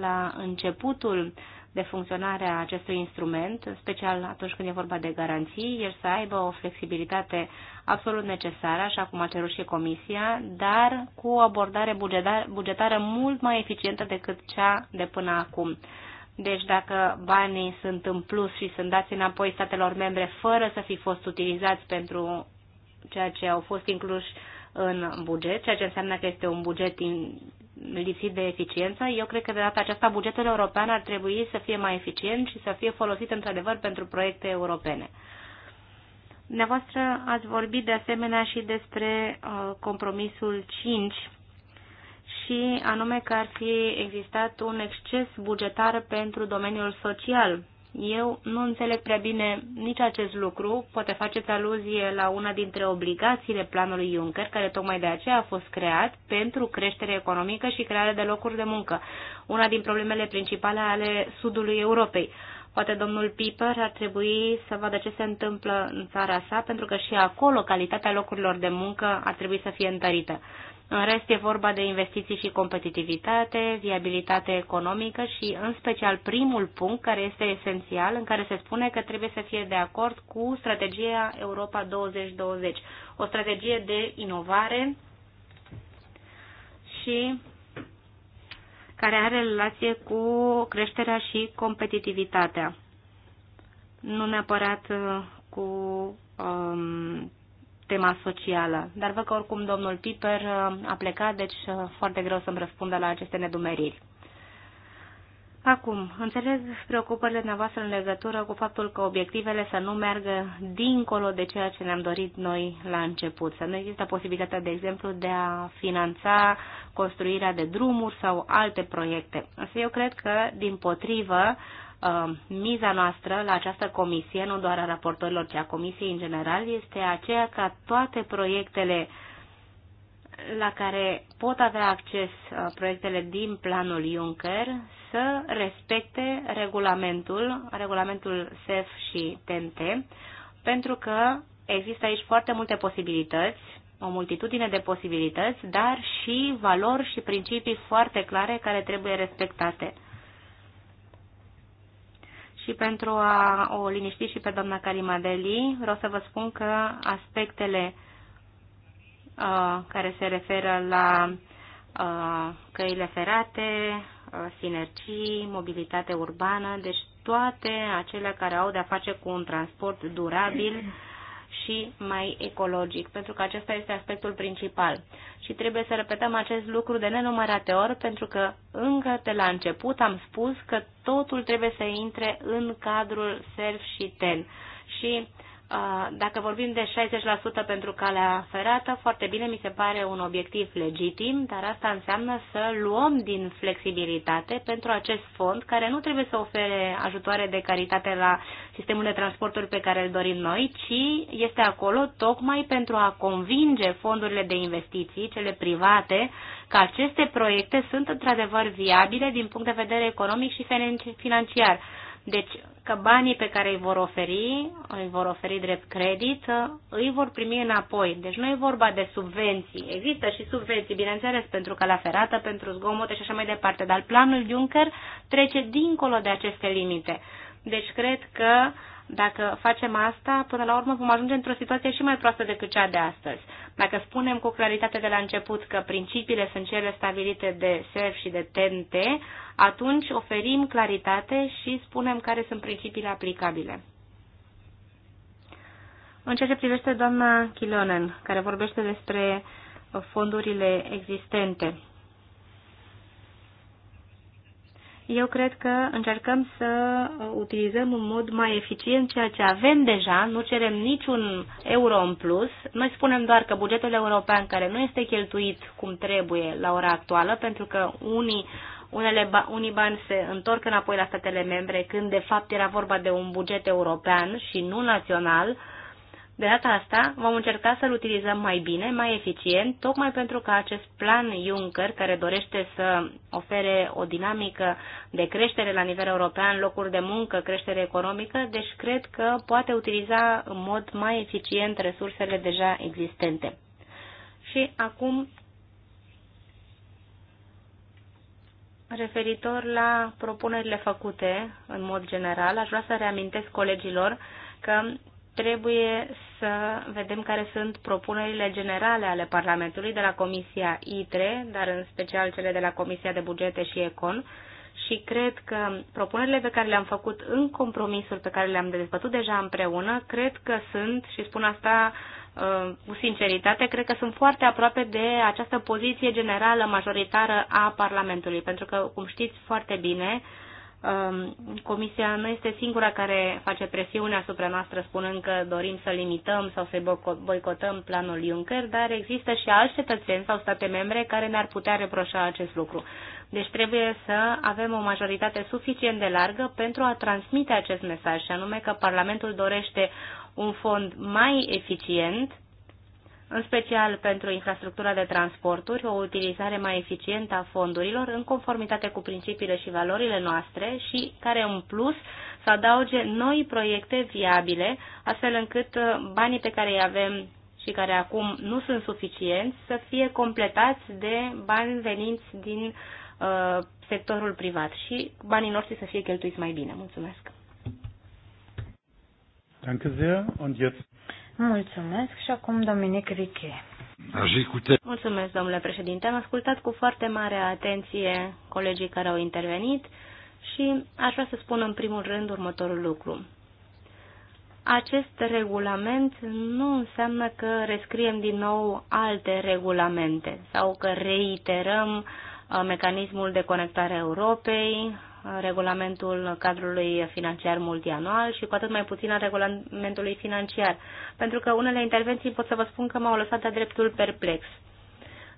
la începutul de funcționare a acestui instrument, în special atunci când e vorba de garanții, el să aibă o flexibilitate absolut necesară, așa cum a cerut și Comisia, dar cu o abordare bugetară mult mai eficientă decât cea de până acum deci dacă banii sunt în plus și sunt dați înapoi statelor membre fără să fi fost utilizați pentru ceea ce au fost incluși în buget, ceea ce înseamnă că este un buget in, lipsit de eficiență, eu cred că de data aceasta bugetul european ar trebui să fie mai eficient și să fie folosit într-adevăr pentru proiecte europene. Dumneavoastră ați vorbit de asemenea și despre uh, compromisul 5 și anume că ar fi existat un exces bugetar pentru domeniul social. Eu nu înțeleg prea bine nici acest lucru, poate faceți aluzie la una dintre obligațiile planului Juncker, care tocmai de aceea a fost creat pentru creștere economică și crearea de locuri de muncă, una din problemele principale ale sudului Europei. Poate domnul Piper ar trebui să vadă ce se întâmplă în țara sa, pentru că și acolo calitatea locurilor de muncă ar trebui să fie întărită. În rest, e vorba de investiții și competitivitate, viabilitate economică și, în special, primul punct care este esențial, în care se spune că trebuie să fie de acord cu strategia Europa 2020, o strategie de inovare și care are relație cu creșterea și competitivitatea. Nu neapărat uh, cu um, tema socială. Dar văd că oricum domnul Piper uh, a plecat, deci uh, foarte greu să-mi răspundă la aceste nedumeriri. Acum, înțeleg preocupările dumneavoastră în legătură cu faptul că obiectivele să nu meargă dincolo de ceea ce ne-am dorit noi la început. Să nu există posibilitatea, de exemplu, de a finanța construirea de drumuri sau alte proiecte. Însă eu cred că, din potrivă, Um, miza noastră la această comisie, nu doar a raportorilor, ci a comisiei în general, este aceea ca toate proiectele la care pot avea acces uh, proiectele din planul Juncker să respecte regulamentul, regulamentul SEF și TNT, pentru că există aici foarte multe posibilități, o multitudine de posibilități, dar și valori și principii foarte clare care trebuie respectate. Și pentru a o liniști și pe doamna Carimadeli, vreau să vă spun că aspectele uh, care se referă la uh, căile ferate, uh, sinergii, mobilitate urbană, deci toate acelea care au de-a face cu un transport durabil, și mai ecologic, pentru că acesta este aspectul principal. Și trebuie să repetăm acest lucru de nenumărate ori, pentru că încă de la început am spus că totul trebuie să intre în cadrul SERF și TEN. Și uh, dacă vorbim de 60% pentru calea ferată, foarte bine mi se pare un obiectiv legitim, dar asta înseamnă să luăm din flexibilitate pentru acest fond care nu trebuie să ofere ajutoare de caritate la sistemul de transporturi pe care îl dorim noi, ci este acolo tocmai pentru a convinge fondurile de investiții, cele private, că aceste proiecte sunt într-adevăr viabile din punct de vedere economic și financiar deci că banii pe care îi vor oferi, îi vor oferi drept credit, îi vor primi înapoi. Deci nu e vorba de subvenții. Există și subvenții, bineînțeles, pentru că la ferată, pentru zgomote și așa mai departe, dar planul Juncker trece dincolo de aceste limite. Deci cred că dacă facem asta, până la urmă vom ajunge într-o situație și mai proastă decât cea de astăzi. Dacă spunem cu claritate de la început că principiile sunt cele stabilite de SERF și de TNT, atunci oferim claritate și spunem care sunt principiile aplicabile. În ceea ce privește doamna Chilonen, care vorbește despre fondurile existente, eu cred că încercăm să utilizăm în mod mai eficient ceea ce avem deja, nu cerem niciun euro în plus. Noi spunem doar că bugetul european care nu este cheltuit cum trebuie la ora actuală, pentru că unii unele ba, unii bani se întorc înapoi la statele membre, când de fapt era vorba de un buget european și nu național, uh, de data asta vom încerca să-l utilizăm mai bine, mai eficient, tocmai pentru că acest plan Juncker, care dorește să ofere o dinamică de creștere la nivel european, locuri de muncă, creștere economică, deci cred că poate utiliza în mod mai eficient resursele deja existente. Și acum, referitor la propunerile făcute, în mod general, aș vrea să reamintesc colegilor că trebuie să vedem care sunt propunerile generale ale Parlamentului de la Comisia ITRE, dar în special cele de la Comisia de Bugete și Econ. Și cred că propunerile pe care le-am făcut în compromisuri pe care le-am dezbătut deja împreună, cred că sunt, și spun asta uh, cu sinceritate, cred că sunt foarte aproape de această poziție generală majoritară a Parlamentului, pentru că, cum știți foarte bine, Um, comisia nu este singura care face presiune asupra noastră spunând că dorim să limităm sau să boicotăm planul Juncker, dar există și alți cetățeni sau state membre care ne-ar putea reproșa acest lucru. Deci trebuie să avem o majoritate suficient de largă pentru a transmite acest mesaj, și anume că Parlamentul dorește un fond mai eficient în special pentru infrastructura de transporturi, o utilizare mai eficientă a fondurilor în conformitate cu principiile și valorile noastre și care în plus să adauge noi proiecte viabile, astfel încât uh, banii pe care îi avem și care acum nu sunt suficienți să fie completați de bani veniți din uh, sectorul privat și banii noștri să fie cheltuiți mai bine. Mulțumesc! Danke sehr und jetzt Mulțumesc și acum Dominic Riche. Mulțumesc, domnule președinte. Am ascultat cu foarte mare atenție colegii care au intervenit și aș vrea să spun în primul rând următorul lucru. Acest regulament nu înseamnă că rescriem din nou alte regulamente sau că reiterăm uh, mecanismul de conectare a Europei, regulamentul cadrului financiar multianual și cu atât mai puțin a regulamentului financiar, pentru că unele intervenții pot să vă spun că m-au lăsat de dreptul perplex.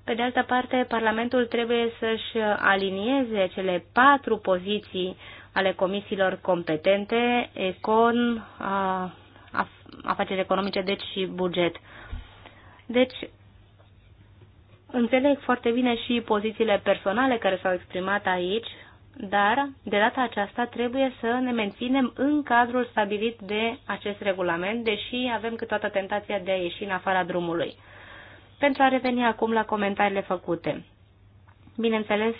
Pe de altă parte, Parlamentul trebuie să-și alinieze cele patru poziții ale comisiilor competente, econ, afaceri economice, deci și buget. Deci, Înțeleg foarte bine și pozițiile personale care s-au exprimat aici, dar de data aceasta trebuie să ne menținem în cadrul stabilit de acest regulament, deși avem câteodată tentația de a ieși în afara drumului. Pentru a reveni acum la comentariile făcute. Bineînțeles,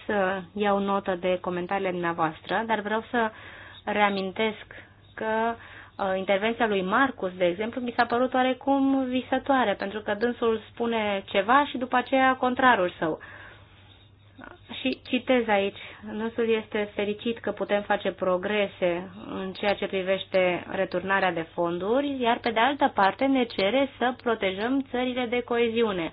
iau notă de comentariile dumneavoastră, dar vreau să reamintesc că uh, intervenția lui Marcus, de exemplu, mi s-a părut oarecum visătoare, pentru că dânsul spune ceva și după aceea contrarul său. Și citez aici, Nusul este fericit că putem face progrese în ceea ce privește returnarea de fonduri, iar pe de altă parte ne cere să protejăm țările de coeziune.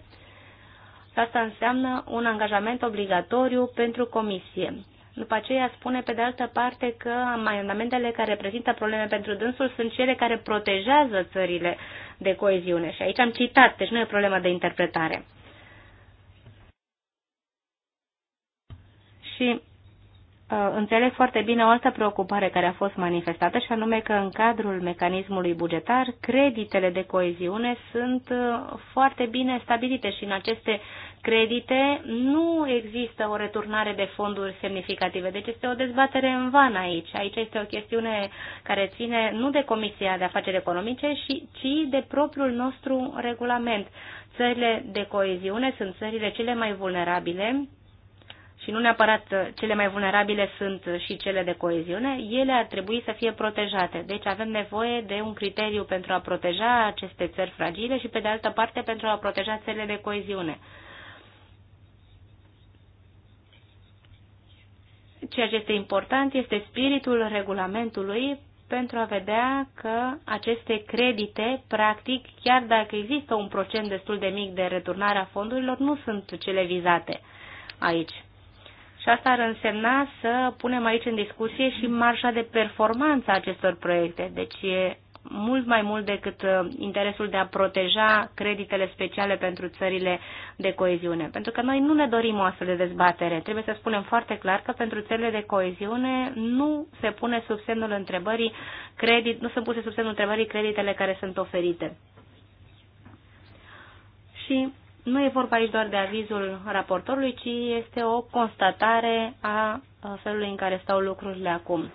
Asta înseamnă un angajament obligatoriu pentru comisie. După aceea spune pe de altă parte că amendamentele care reprezintă probleme pentru dânsul sunt cele care protejează țările de coeziune. Și aici am citat, deci nu e problema de interpretare. Și uh, înțeleg foarte bine o altă preocupare care a fost manifestată și anume că în cadrul mecanismului bugetar creditele de coeziune sunt uh, foarte bine stabilite și în aceste credite nu există o returnare de fonduri semnificative. Deci este o dezbatere în van aici. Aici este o chestiune care ține nu de Comisia de Afaceri Economice, ci de propriul nostru regulament. Țările de coeziune sunt țările cele mai vulnerabile și nu neapărat uh, cele mai vulnerabile sunt uh, și cele de coeziune, ele ar trebui să fie protejate. Deci avem nevoie de un criteriu pentru a proteja aceste țări fragile și, pe de altă parte, pentru a proteja țările de coeziune. Ceea ce este important este spiritul regulamentului pentru a vedea că aceste credite, practic, chiar dacă există un procent destul de mic de returnare a fondurilor, nu sunt cele vizate aici. Și asta ar însemna să punem aici în discuție și marșa de performanță a acestor proiecte. Deci e mult mai mult decât uh, interesul de a proteja creditele speciale pentru țările de coeziune. Pentru că noi nu ne dorim o astfel de dezbatere. Trebuie să spunem foarte clar că pentru țările de coeziune nu se pune sub semnul întrebării credit, nu sunt puse sub semnul întrebării creditele care sunt oferite. Și nu e vorba aici doar de avizul raportorului, ci este o constatare a felului în care stau lucrurile acum.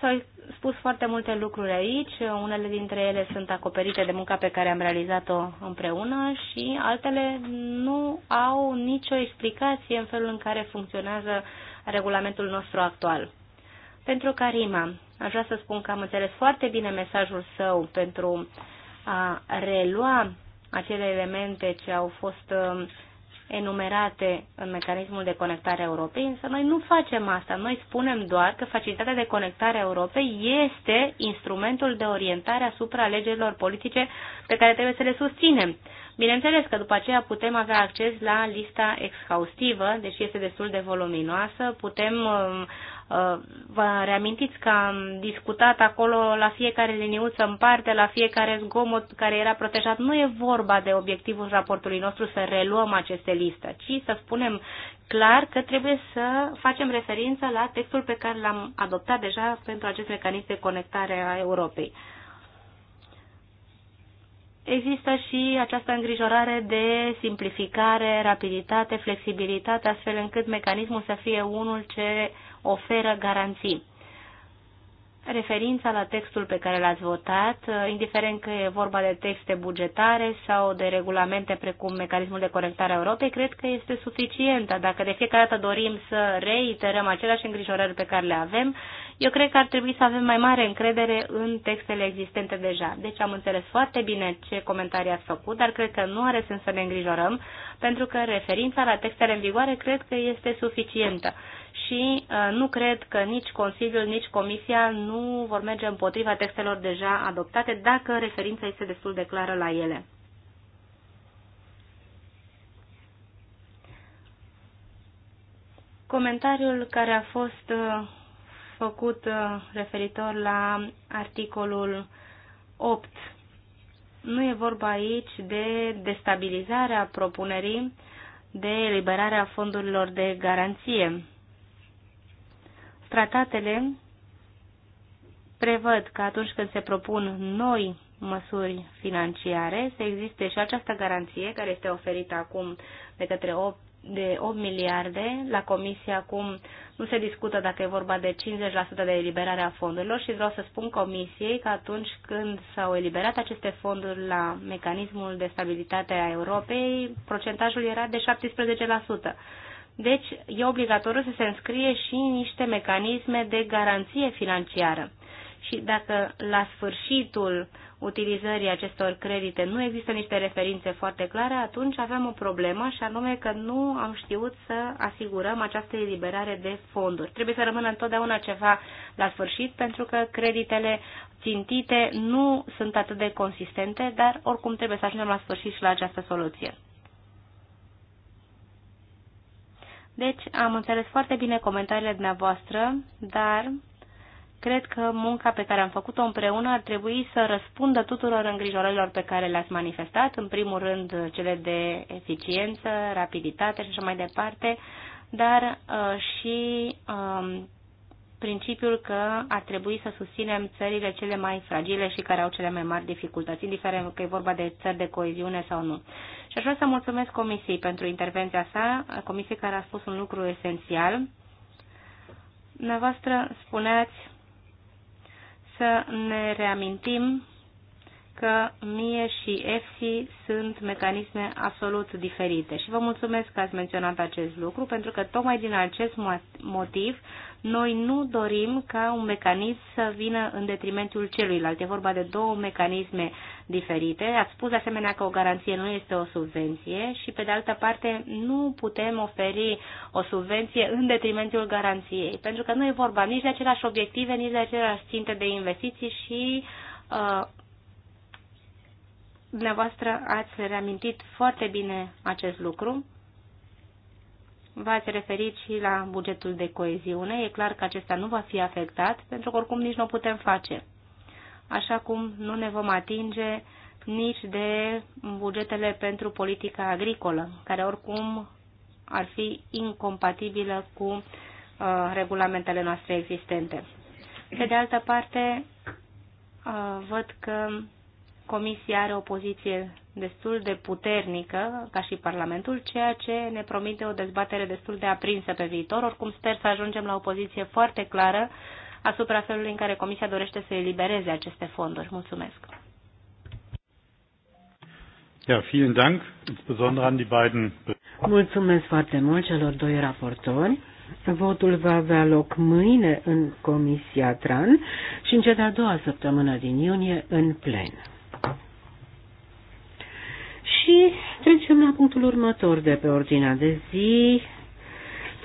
S-au spus foarte multe lucruri aici, unele dintre ele sunt acoperite de munca pe care am realizat-o împreună și altele nu au nicio explicație în felul în care funcționează regulamentul nostru actual. Pentru Karima, aș vrea să spun că am înțeles foarte bine mesajul său pentru a relua acele elemente ce au fost um, enumerate în mecanismul de conectare a Europei, însă noi nu facem asta. Noi spunem doar că facilitatea de conectare a Europei este instrumentul de orientare asupra alegerilor politice pe care trebuie să le susținem. Bineînțeles că după aceea putem avea acces la lista exhaustivă, deși este destul de voluminoasă, putem um, Uh, vă reamintiți că am discutat acolo la fiecare liniuță în parte, la fiecare zgomot care era protejat. Nu e vorba de obiectivul raportului nostru să reluăm aceste liste, ci să spunem clar că trebuie să facem referință la textul pe care l-am adoptat deja pentru acest mecanism de conectare a Europei. Există și această îngrijorare de simplificare, rapiditate, flexibilitate, astfel încât mecanismul să fie unul ce oferă garanții. Referința la textul pe care l-ați votat, indiferent că e vorba de texte bugetare sau de regulamente precum mecanismul de corectare a Europei, cred că este suficientă. Dacă de fiecare dată dorim să reiterăm aceleași îngrijorări pe care le avem, eu cred că ar trebui să avem mai mare încredere în textele existente deja. Deci am înțeles foarte bine ce comentarii ați făcut, dar cred că nu are sens să ne îngrijorăm, pentru că referința la textele în vigoare cred că este suficientă și uh, nu cred că nici Consiliul, nici Comisia nu vor merge împotriva textelor deja adoptate dacă referința este destul de clară la ele. Comentariul care a fost uh, făcut uh, referitor la articolul 8. Nu e vorba aici de destabilizarea propunerii de eliberarea fondurilor de garanție. Tratatele prevăd că atunci când se propun noi măsuri financiare, să existe și această garanție care este oferită acum de către 8 de 8 miliarde. La comisie acum nu se discută dacă e vorba de 50% de eliberare a fondurilor și vreau să spun comisiei că atunci când s-au eliberat aceste fonduri la mecanismul de stabilitate a Europei, procentajul era de 17%. Deci e obligatoriu să se înscrie și niște mecanisme de garanție financiară. Și dacă la sfârșitul utilizării acestor credite nu există niște referințe foarte clare, atunci avem o problemă și anume că nu am știut să asigurăm această eliberare de fonduri. Trebuie să rămână întotdeauna ceva la sfârșit pentru că creditele țintite nu sunt atât de consistente, dar oricum trebuie să ajungem la sfârșit și la această soluție. Deci am înțeles foarte bine comentariile dumneavoastră, dar cred că munca pe care am făcut-o împreună ar trebui să răspundă tuturor îngrijorărilor pe care le-ați manifestat, în primul rând cele de eficiență, rapiditate și așa mai departe, dar uh, și uh, principiul că ar trebui să susținem țările cele mai fragile și care au cele mai mari dificultăți, indiferent că e vorba de țări de coeziune sau nu. Și aș vrea să mulțumesc Comisiei pentru intervenția sa, Comisie care a spus un lucru esențial. Dumneavoastră spuneați să ne reamintim că MIE și EFSI sunt mecanisme absolut diferite. Și vă mulțumesc că ați menționat acest lucru, pentru că tocmai din acest motiv noi nu dorim ca un mecanism să vină în detrimentul celuilalt. E vorba de două mecanisme diferite. Ați spus de asemenea că o garanție nu este o subvenție și, pe de altă parte, nu putem oferi o subvenție în detrimentul garanției, pentru că nu e vorba nici de același obiective, nici de același ținte de investiții și uh, Dumneavoastră ați reamintit foarte bine acest lucru. V-ați referit și la bugetul de coeziune. E clar că acesta nu va fi afectat, pentru că oricum nici nu o putem face. Așa cum nu ne vom atinge nici de bugetele pentru politica agricolă, care oricum ar fi incompatibilă cu uh, regulamentele noastre existente. Pe de altă parte, uh, văd că Comisia are o poziție destul de puternică, ca și Parlamentul, ceea ce ne promite o dezbatere destul de aprinsă pe viitor. Oricum sper să ajungem la o poziție foarte clară asupra felului în care Comisia dorește să elibereze aceste fonduri. Mulțumesc! Ja, vielen Dank, insbesondere an die beiden. Mulțumesc foarte mult celor doi raportori. Votul va avea loc mâine în Comisia TRAN și în cea de-a doua săptămână din iunie în plen. Și trecem la punctul următor de pe ordinea de zi,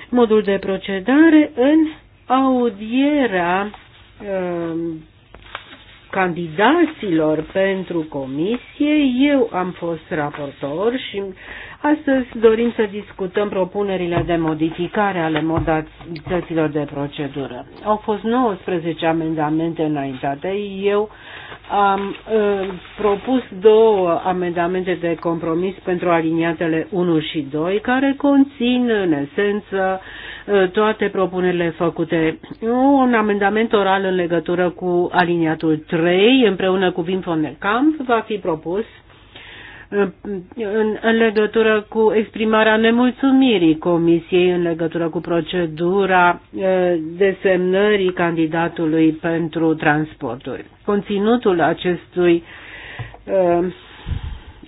modul de procedare în audierea uh, candidaților pentru comisie. Eu am fost raportor și astăzi dorim să discutăm propunerile de modificare ale modalităților de procedură. Au fost 19 amendamente înaintate. Eu am uh, propus două amendamente de compromis pentru aliniatele 1 și 2, care conțin, în esență, uh, toate propunerile făcute. Un amendament oral în legătură cu aliniatul 3, împreună cu Wim von der Kamp, va fi propus în legătură cu exprimarea nemulțumirii Comisiei în legătură cu procedura desemnării candidatului pentru transporturi. Conținutul acestui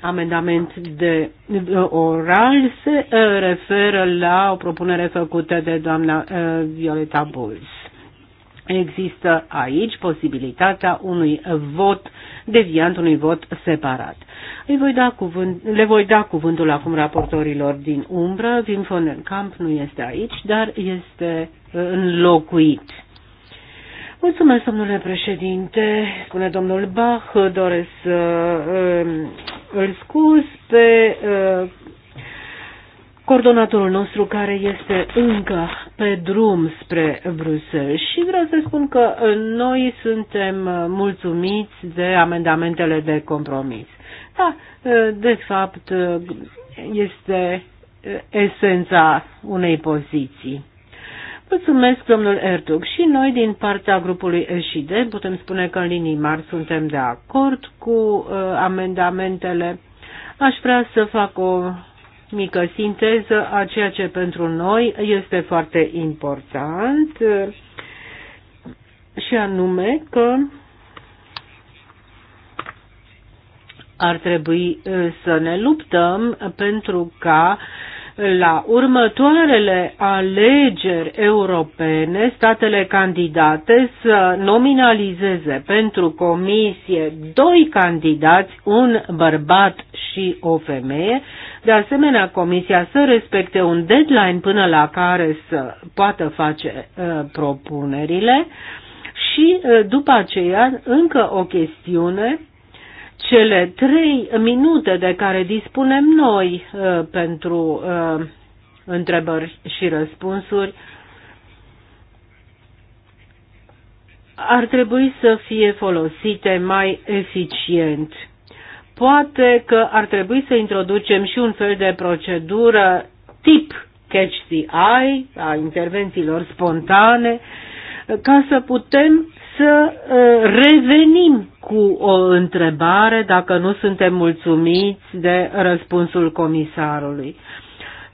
amendament de oral se referă la o propunere făcută de doamna Violeta Bulls. Există aici posibilitatea unui vot deviant, unui vot separat. Îi voi da cuvânt, le voi da cuvântul acum raportorilor din umbră. Vin von Camp nu este aici, dar este uh, înlocuit. Mulțumesc, domnule președinte, spune domnul Bach, doresc să um, îl scuz pe uh, coordonatorul nostru care este încă pe drum spre Bruxelles și vreau să spun că noi suntem mulțumiți de amendamentele de compromis. Asta, ă, de fapt, ă, este ă, esența unei poziții. Mulțumesc, domnul Ertug. Și noi, din partea grupului ESHIDE, putem spune că în linii mari suntem de acord cu uh, amendamentele. Aș vrea să fac o mică sinteză a ceea ce pentru noi este foarte important și anume că ar trebui să ne luptăm pentru ca la următoarele alegeri europene, statele candidate să nominalizeze pentru comisie doi candidați, un bărbat și o femeie. De asemenea, comisia să respecte un deadline până la care să poată face uh, propunerile. Și uh, după aceea, încă o chestiune, cele trei minute de care dispunem noi uh, pentru uh, întrebări și răspunsuri ar trebui să fie folosite mai eficient. Poate că ar trebui să introducem și un fel de procedură tip catch the eye, a intervențiilor spontane, ca să putem să ă, revenim cu o întrebare dacă nu suntem mulțumiți de răspunsul comisarului.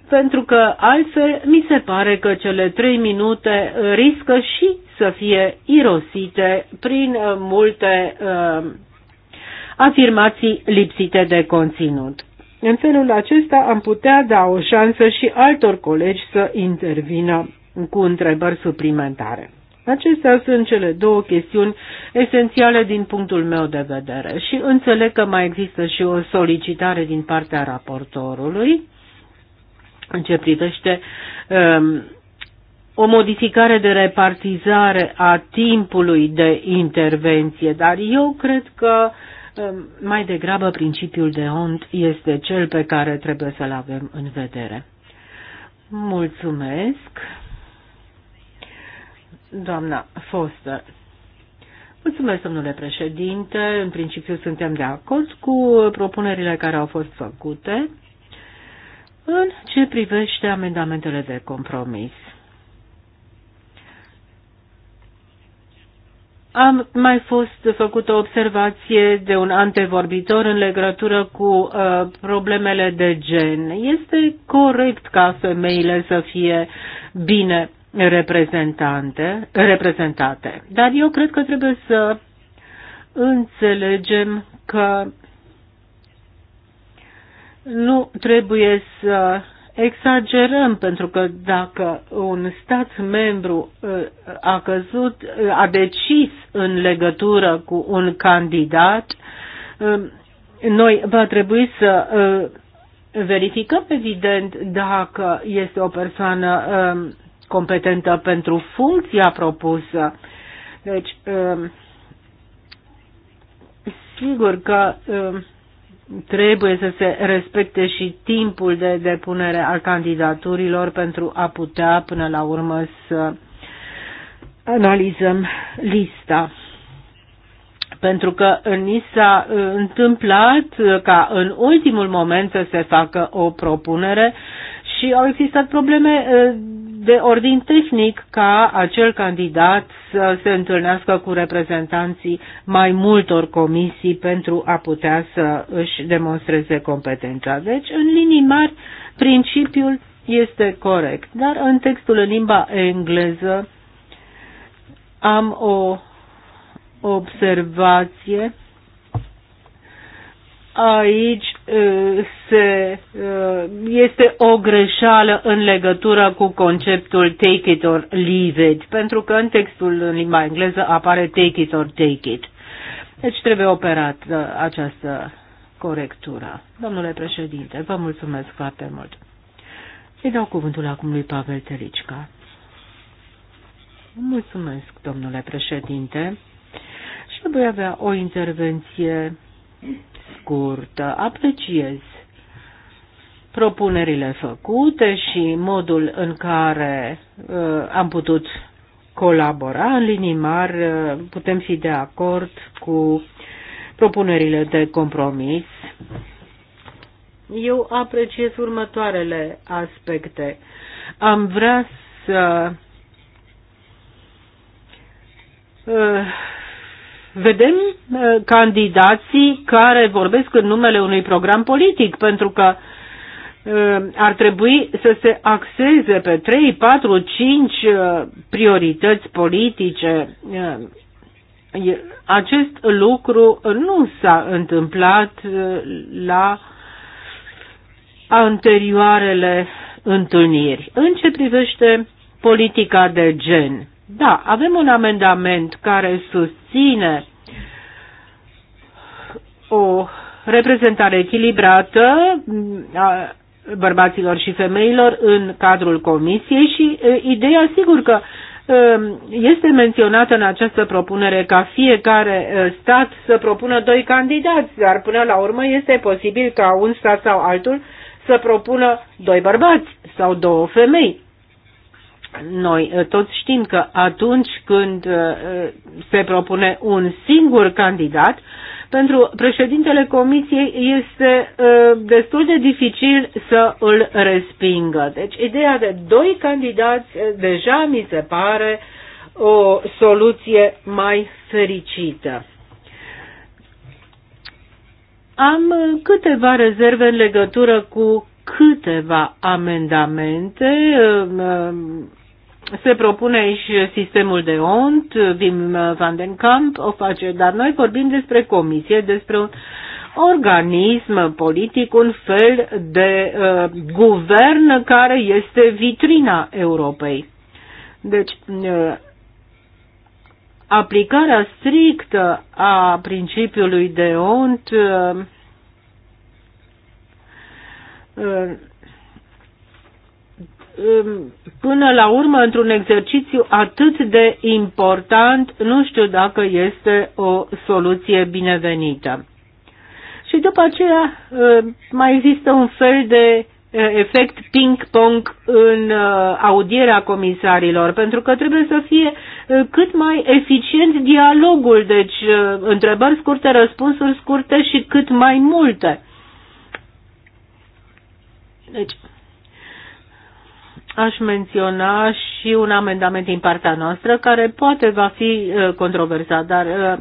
Pentru că altfel mi se pare că cele trei minute riscă și să fie irosite prin ă, multe uh, afirmații lipsite de conținut. În felul acesta am putea da o șansă și altor colegi să intervină cu întrebări suplimentare. Acestea sunt cele două chestiuni esențiale din punctul meu de vedere și înțeleg că mai există și o solicitare din partea raportorului în ce privește um, o modificare de repartizare a timpului de intervenție, dar eu cred că um, mai degrabă principiul de ont este cel pe care trebuie să-l avem în vedere. Mulțumesc! Doamna Foster. Mulțumesc, domnule președinte. În principiu suntem de acord cu propunerile care au fost făcute în ce privește amendamentele de compromis. Am mai fost făcută o observație de un antevorbitor în legătură cu uh, problemele de gen. Este corect ca femeile să fie bine reprezentante, reprezentate. Dar eu cred că trebuie să înțelegem că nu trebuie să exagerăm, pentru că dacă un stat membru uh, a căzut, uh, a decis în legătură cu un candidat, uh, noi va trebui să verificăm, evident, dacă este o persoană competentă pentru funcția propusă. Deci, um, sigur că um, trebuie să se respecte și timpul de depunere al candidaturilor pentru a putea până la urmă să analizăm lista. Pentru că ni s-a uh, întâmplat ca în ultimul moment să se facă o propunere și au existat probleme uh, de ordin tehnic ca acel candidat să se întâlnească cu reprezentanții mai multor comisii pentru a putea să își demonstreze competența. Deci, în linii mari, principiul este corect, dar în textul în limba engleză am o observație aici uh, se, uh, este o greșeală în legătură cu conceptul take it or leave it, pentru că în textul în limba engleză apare take it or take it. Deci trebuie operat uh, această corectură. Domnule președinte, vă mulțumesc foarte mult. Îi dau cuvântul acum lui Pavel Tericca. Mulțumesc, domnule președinte. Și voi avea o intervenție scurtă. Apreciez propunerile făcute și modul în care uh, am putut colabora. În linii mari uh, putem fi de acord cu propunerile de compromis. Eu apreciez următoarele aspecte. Am vrea să uh, vedem uh, candidații care vorbesc în numele unui program politic, pentru că uh, ar trebui să se axeze pe 3, 4, 5 priorități politice. Uh, acest lucru nu s-a întâmplat la anterioarele întâlniri. În ce privește politica de gen, da, avem un amendament care susține o reprezentare echilibrată a bărbaților și femeilor în cadrul comisiei și ideea, sigur că este menționată în această propunere ca fiecare stat să propună doi candidați, dar până la urmă este posibil ca un stat sau altul să propună doi bărbați sau două femei. Noi eh, toți știm că atunci când eh, se propune un singur candidat, pentru președintele comisiei este eh, destul de dificil să îl respingă. Deci ideea de doi candidați deja mi se pare o soluție mai fericită. Am câteva rezerve în legătură cu câteva amendamente se propune și sistemul de ONT, Wim van den Kamp o face, dar noi vorbim despre comisie, despre un organism politic, un fel de uh, guvern care este vitrina Europei. Deci, uh, aplicarea strictă a principiului de ONT uh, uh, până la urmă, într-un exercițiu atât de important, nu știu dacă este o soluție binevenită. Și după aceea mai există un fel de efect ping-pong în audierea comisarilor, pentru că trebuie să fie cât mai eficient dialogul, deci întrebări scurte, răspunsuri scurte și cât mai multe. Deci, aș menționa și un amendament din partea noastră care poate va fi uh, controversat, dar uh,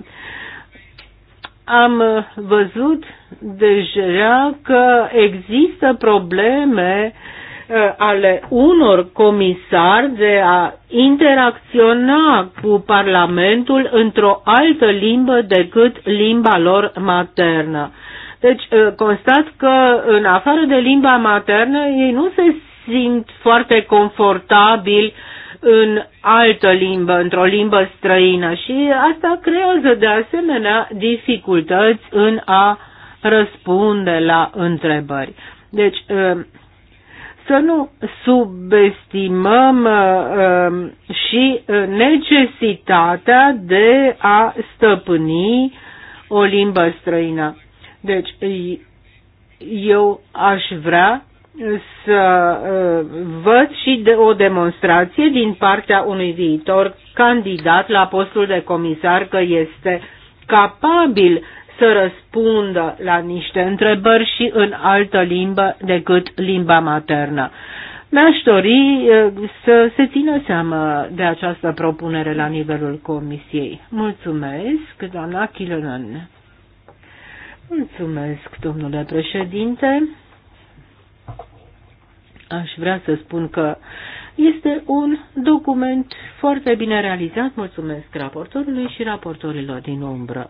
am uh, văzut deja că există probleme ale unor comisari de a interacționa cu Parlamentul într-o altă limbă decât limba lor maternă. Deci constat că în afară de limba maternă ei nu se simt foarte confortabil în altă limbă, într-o limbă străină și asta creează de asemenea dificultăți în a răspunde la întrebări. Deci, um, să nu subestimăm um, și uh, necesitatea de a stăpâni o limbă străină. Deci, eu aș vrea să ă, văd și de o demonstrație din partea unui viitor candidat la postul de comisar că este capabil să răspundă la niște întrebări și în altă limbă decât limba maternă. Mi-aș dori ă, să se țină seama de această propunere la nivelul comisiei. Mulțumesc, doamna Chilonan. Mulțumesc, domnule președinte aș vrea să spun că este un document foarte bine realizat. Mulțumesc raportorului și raportorilor din umbră.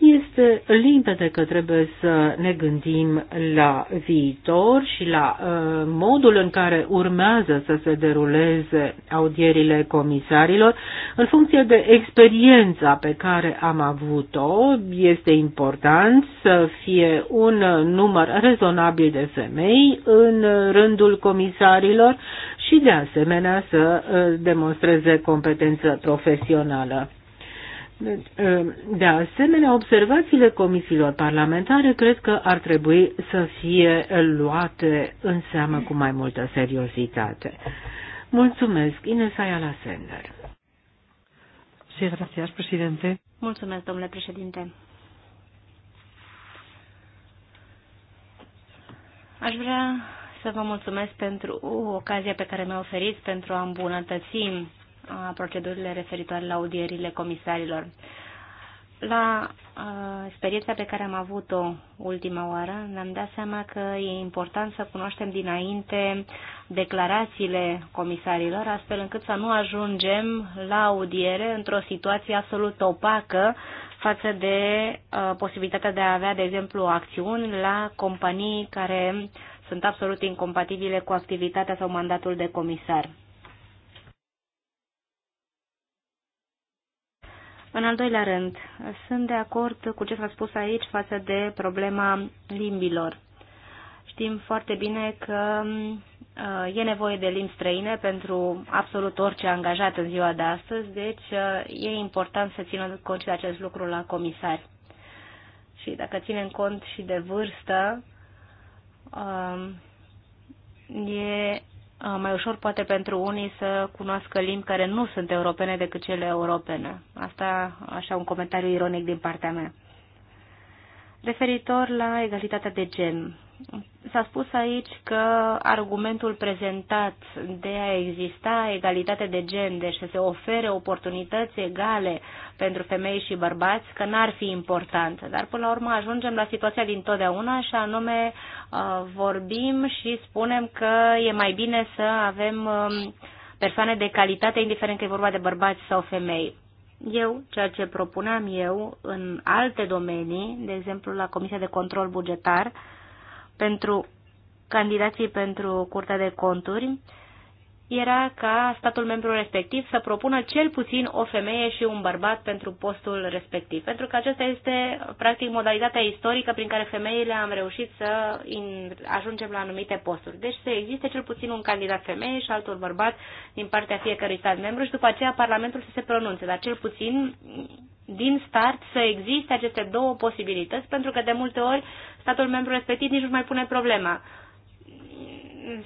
Este limpede că trebuie să ne gândim la viitor și la uh, modul în care urmează să se deruleze audierile comisarilor. În funcție de experiența pe care am avut-o, este important să fie un număr rezonabil de femei în rândul comisarilor și de asemenea să uh, demonstreze competență profesională. De asemenea, observațiile comisiilor parlamentare cred că ar trebui să fie luate în seamă cu mai multă seriozitate. Mulțumesc, Ines Ayala Sender. Sí, gracias, presidente. Mulțumesc, domnule președinte. Aș vrea să vă mulțumesc pentru ocazia pe care mi-a oferit pentru a îmbunătăți procedurile referitoare la audierile comisarilor. La uh, experiența pe care am avut-o ultima oară, ne-am dat seama că e important să cunoaștem dinainte declarațiile comisarilor, astfel încât să nu ajungem la audiere într-o situație absolut opacă față de uh, posibilitatea de a avea, de exemplu, acțiuni la companii care sunt absolut incompatibile cu activitatea sau mandatul de comisar. În al doilea rând, sunt de acord cu ce s-a spus aici față de problema limbilor. Știm foarte bine că uh, e nevoie de limbi străine pentru absolut orice angajat în ziua de astăzi, deci uh, e important să țină cont și de acest lucru la comisari. Și dacă ținem cont și de vârstă, um, e Ah, mai ușor poate pentru unii să cunoască limbi care nu sunt europene decât cele europene. Asta așa un comentariu ironic din partea mea. Referitor la egalitatea de gen, S-a spus aici că argumentul prezentat de a exista egalitate de gen, deci să se ofere oportunități egale pentru femei și bărbați, că n-ar fi important. Dar până la urmă ajungem la situația din totdeauna și anume uh, vorbim și spunem că e mai bine să avem um, persoane de calitate, indiferent că e vorba de bărbați sau femei. Eu, ceea ce propuneam eu în alte domenii, de exemplu la Comisia de Control Bugetar, uh, pentru candidații pentru Curtea de Conturi era ca statul membru respectiv să propună cel puțin o femeie și un bărbat pentru postul respectiv. Pentru că acesta este, practic, modalitatea istorică prin care femeile am reușit să ajungem la anumite posturi. Deci să existe cel puțin un candidat femeie și altul bărbat din partea fiecărui stat membru și după aceea Parlamentul să se pronunțe. Dar cel puțin din start să existe aceste două posibilități, pentru că de multe ori statul membru respectiv nici nu mai pune problema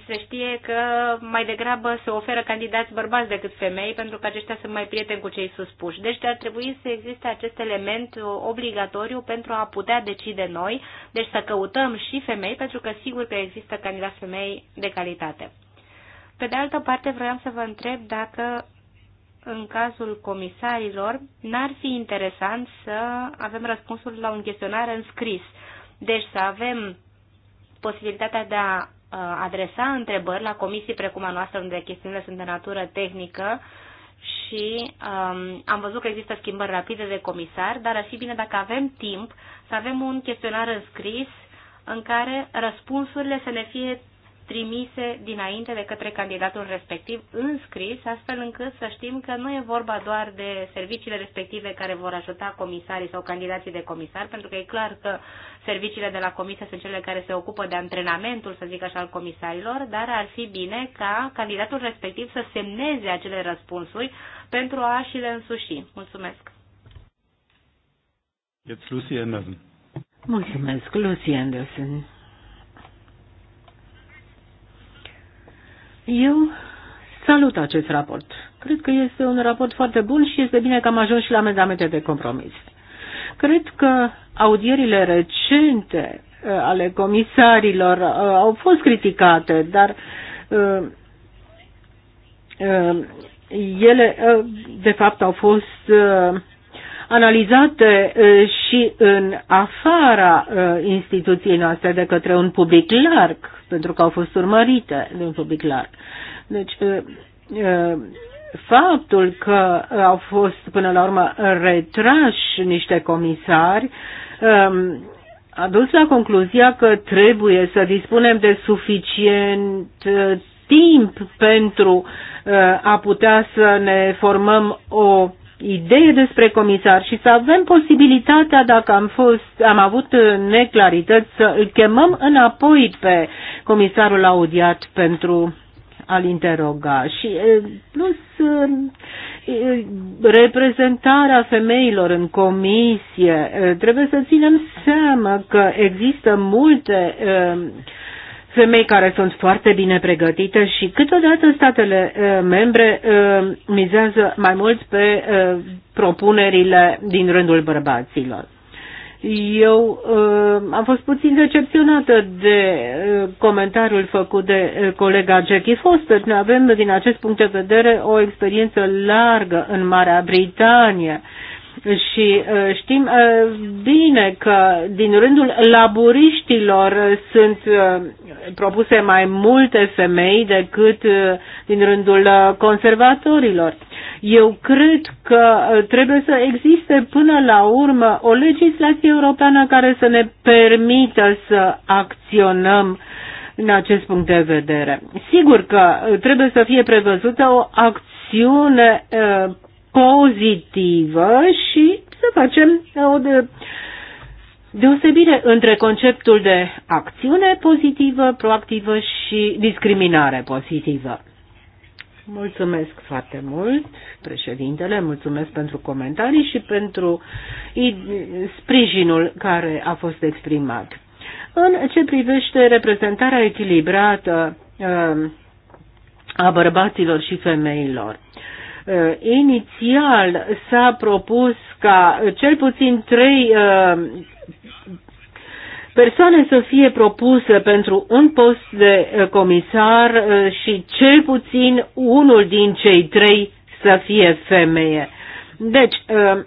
se știe că mai degrabă se oferă candidați bărbați decât femei, pentru că aceștia sunt mai prieteni cu cei suspuși. Deci ar trebui să existe acest element obligatoriu pentru a putea decide noi, deci să căutăm și femei, pentru că sigur că există candidați femei de calitate. Pe de altă parte, vreau să vă întreb dacă în cazul comisarilor, n-ar fi interesant să avem răspunsul la un chestionar în scris. Deci să avem posibilitatea de a Uh, adresa întrebări la comisii precum a noastră, unde chestiunile sunt de natură tehnică și um, am văzut că există schimbări rapide de comisar, dar ar fi bine dacă avem timp să avem un chestionar înscris în care răspunsurile să ne fie trimise dinainte de către candidatul respectiv înscris, astfel încât să știm că nu e vorba doar de serviciile respective care vor ajuta comisarii sau candidații de comisar, pentru că e clar că serviciile de la comisie sunt cele care se ocupă de antrenamentul, să zic așa, al comisarilor, dar ar fi bine ca candidatul respectiv să semneze acele răspunsuri pentru a și le însuși. Mulțumesc! Jetzt Lucy Anderson. Mulțumesc, Lucy Anderson. Eu salut acest raport. Cred că este un raport foarte bun și este bine că am ajuns și la amendamente de compromis. Cred că audierile recente uh, ale comisarilor uh, au fost criticate, dar uh, ele, de fapt, au fost analizate și în afara instituției noastre de către un public larg, pentru că au fost urmărite de un public larg. Deci, faptul că au fost până la urmă retrași niște comisari a dus la concluzia că trebuie să dispunem de suficient timp pentru a putea să ne formăm o idee despre comisar și să avem posibilitatea, dacă am, fost, am avut neclarități, să îl chemăm înapoi pe comisarul audiat pentru al interoga și plus reprezentarea femeilor în comisie. Trebuie să ținem seama că există multe femei care sunt foarte bine pregătite și câteodată statele eh, membre eh, mizează mai mult pe eh, propunerile din rândul bărbaților. Eu uh, am fost puțin decepționată de uh, comentariul făcut de uh, colega Jackie Foster. ne avem, din acest punct de vedere, o experiență largă în Marea Britanie. Uh, și știm bine că din rândul laburiștilor sunt propuse mai multe femei decât din rândul conservatorilor. Eu cred că trebuie să existe până la urmă o legislație europeană care să ne permită să acționăm în acest punct de vedere. Sigur că trebuie să fie prevăzută o acțiune pozitivă și să facem o de, deosebire între conceptul de acțiune pozitivă, proactivă și discriminare pozitivă. Mulțumesc foarte mult, președintele, mulțumesc pentru comentarii și pentru sprijinul care a fost exprimat. În ce privește reprezentarea echilibrată um, a bărbaților și femeilor, Uh, inițial s-a propus ca cel puțin trei uh, persoane să fie propuse pentru un post de uh, comisar și cel puțin unul din cei trei să fie femeie. Deci, uh,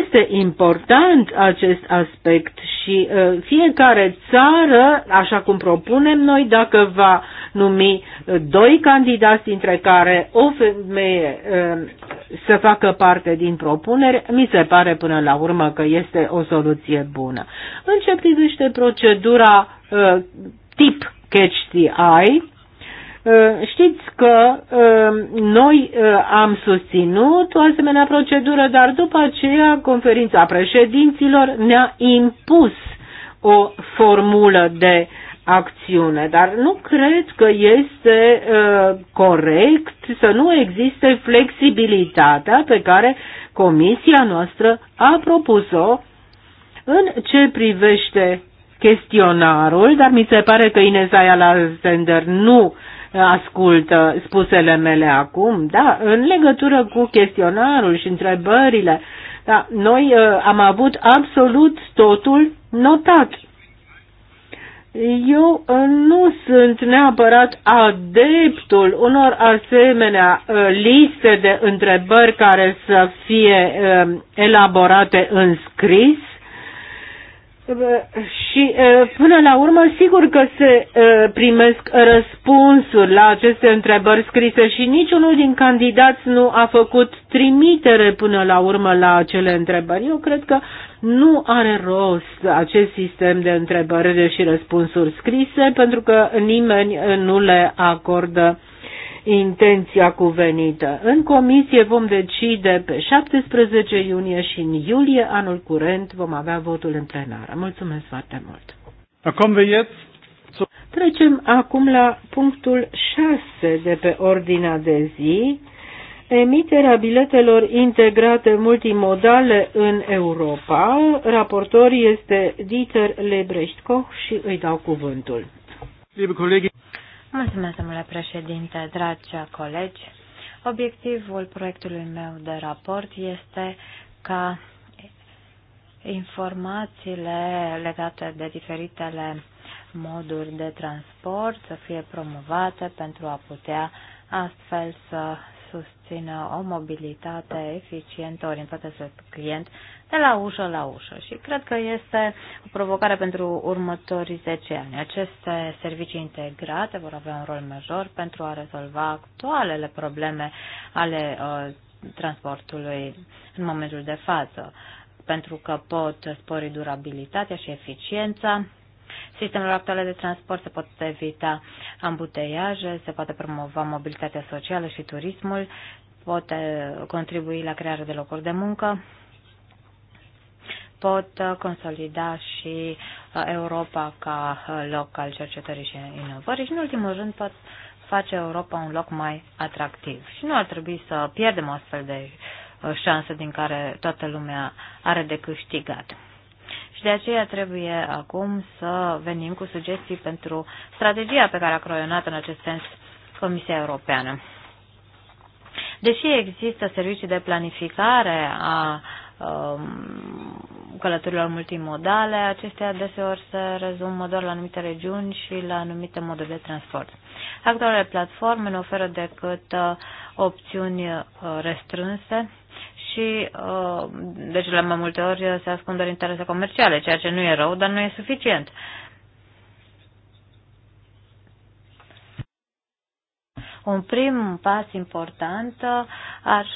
este important acest aspect și uh, fiecare țară, așa cum propunem noi, dacă va numi uh, doi candidați, dintre care o femeie să facă parte din propunere, mi se pare până la urmă că este o soluție bună. În ce privește procedura tip catch the eye, Eh, știți că eh, noi eh, am susținut o asemenea procedură, dar după aceea conferința președinților ne-a impus o formulă de acțiune, dar nu cred că este corect să nu existe flexibilitatea pe care comisia noastră a propus-o în ce privește chestionarul, dar mi se pare că Inezaia Ayala Sender nu ascultă spusele mele acum, da, în legătură cu chestionarul și întrebările, da, noi uh, am avut absolut totul notat. Eu uh, nu sunt neapărat adeptul unor asemenea uh, liste de întrebări care să fie uh, elaborate în scris, și până la urmă, sigur că se primesc răspunsuri la aceste întrebări scrise și niciunul din candidați nu a făcut trimitere până la urmă la acele întrebări. Eu cred că nu are rost acest sistem de întrebări și răspunsuri scrise pentru că nimeni nu le acordă uh, intenția cuvenită. În comisie vom decide pe 17 iunie și în iulie anul curent vom avea votul în plenară. Mulțumesc foarte mult! Acum Trecem acum la punctul 6 de pe ordinea de zi, emiterea biletelor integrate multimodale în Europa. Raportor este Dieter Lebrecht Koch și îi dau cuvântul. Mulțumesc, domnule președinte, dragi colegi. Obiectivul proiectului meu de raport este ca informațiile legate de diferitele moduri de transport să fie promovate pentru a putea astfel să susțină o mobilitate eficientă orientată spre client de la ușă la ușă și cred că este o provocare pentru următorii 10 ani. Aceste servicii integrate vor avea un rol major pentru a rezolva actualele probleme ale uh, transportului în momentul de față, pentru că pot spori durabilitatea și eficiența sistemelor actuale de transport, se pot evita ambuteiaje, se poate promova mobilitatea socială și turismul, poate contribui la crearea de locuri de muncă pot uh, consolida și uh, Europa ca uh, loc al cercetării și inovării și, în ultimul rând, pot face Europa un loc mai atractiv. Și nu ar trebui să pierdem o astfel de șansă din care toată lumea are de câștigat. Și de aceea trebuie acum să venim cu sugestii pentru strategia pe care a croionat în acest sens Comisia Europeană. Deși există servicii de planificare a um, călătorilor multimodale, acestea deseori se rezumă doar la anumite regiuni și la anumite moduri de transport. Actualele platforme nu oferă decât uh, opțiuni uh, restrânse și uh, deci la mai multe ori se ascund doar interese comerciale, ceea ce nu e rău, dar nu e suficient. Un prim pas important ar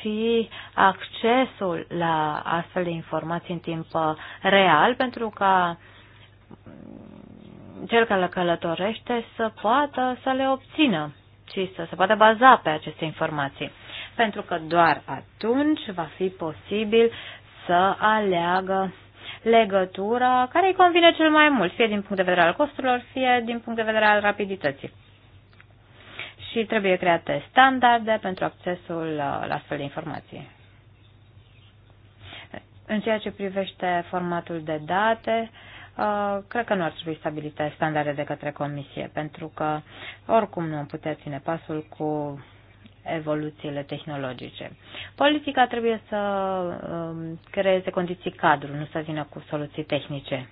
fi accesul la astfel de informații în timp uh, real pentru ca cel care le călătorește să poată să le obțină și să se poată baza pe aceste informații. Pentru că doar atunci va fi posibil să aleagă legătura care îi convine cel mai mult, fie din punct de vedere al costurilor, fie din punct de vedere al rapidității și trebuie create standarde pentru accesul uh, la astfel de informații. În ceea ce privește formatul de date, uh, cred că nu ar trebui stabilite standarde de către Comisie, pentru că oricum nu putea ține pasul cu evoluțiile tehnologice. Politica trebuie să um, creeze condiții cadru, nu să vină cu soluții tehnice.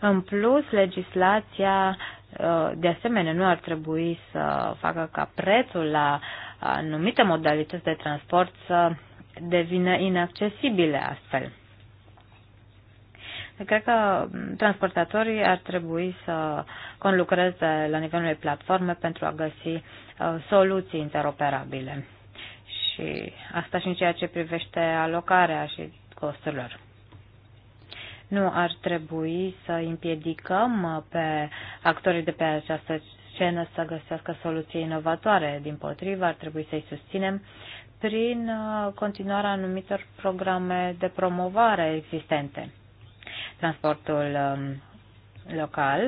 În plus, legislația Uh, de asemenea, nu ar trebui să facă ca prețul la anumite modalități de transport să devină inaccesibile astfel. Cred că transportatorii ar trebui să conlucreze la nivelul unei platforme pentru a găsi uh, soluții interoperabile. Și asta și în ceea ce privește alocarea și costurilor. Nu ar trebui să împiedicăm uh, pe actorii de pe această scenă să găsească soluții inovatoare. Din potrivă, ar trebui să-i susținem prin uh, continuarea anumitor programe de promovare existente. Transportul um, local,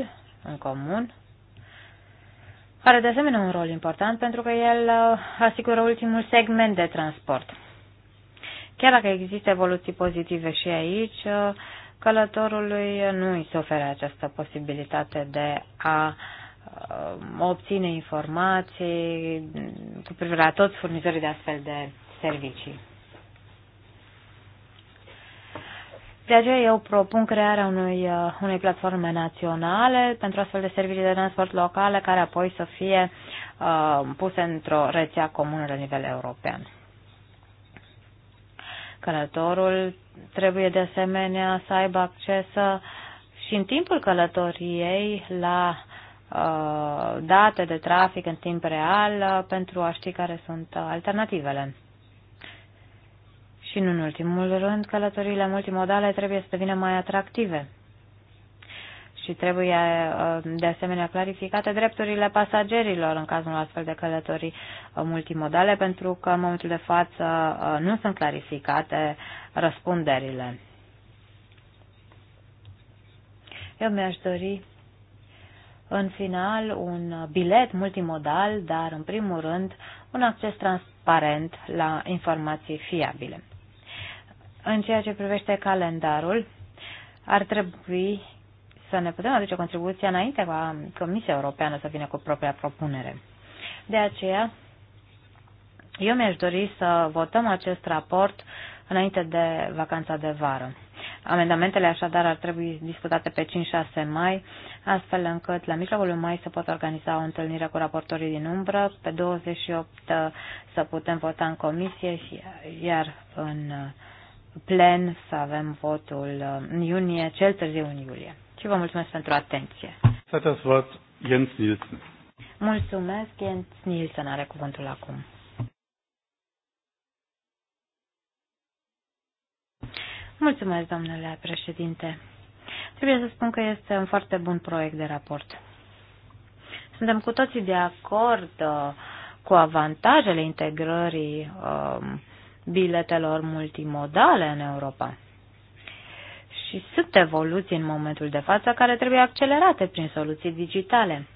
în comun, are de asemenea un rol important pentru că el uh, asigură ultimul segment de transport. Chiar dacă există evoluții pozitive și aici, călătorului nu îi se oferă această posibilitate de a uh, obține informații cu privire la toți furnizorii de astfel de servicii. De aceea eu propun crearea unui, uh, unei platforme naționale pentru astfel de servicii de transport locale care apoi să fie uh, puse într-o rețea comună la nivel european. Călătorul trebuie de asemenea să aibă acces și în timpul călătoriei la uh, date de trafic în timp real uh, pentru a ști care sunt alternativele. Și, în ultimul rând, călătoriile multimodale trebuie să devină mai atractive și trebuie uh, de asemenea clarificate drepturile pasagerilor în cazul unor astfel de călătorii uh, multimodale, pentru că în momentul de față uh, nu sunt clarificate răspunderile. Eu mi-aș dori în final un bilet multimodal, dar în primul rând un acces transparent la informații fiabile. În ceea ce privește calendarul, ar trebui să ne putem aduce contribuția înainte ca Comisia Europeană să vină cu propria propunere. De aceea, eu mi-aș dori să votăm acest raport înainte de vacanța de vară. Amendamentele așadar ar trebui discutate pe 5-6 mai, astfel încât la mijlocul mai să pot organiza o întâlnire cu raportorii din umbră, pe 28 uh, să putem vota în comisie, și uh, iar în uh, plen să avem votul în iunie, cel târziu în iulie. Și vă mulțumesc pentru atenție. Să a Jens Nielsen. Mulțumesc, Jens Nielsen are cuvântul acum. Mulțumesc, domnule președinte. Trebuie să spun că este un foarte bun proiect de raport. Suntem cu toții de acord uh, cu avantajele integrării uh, biletelor multimodale în Europa și sunt evoluții în momentul de față care trebuie accelerate prin soluții digitale.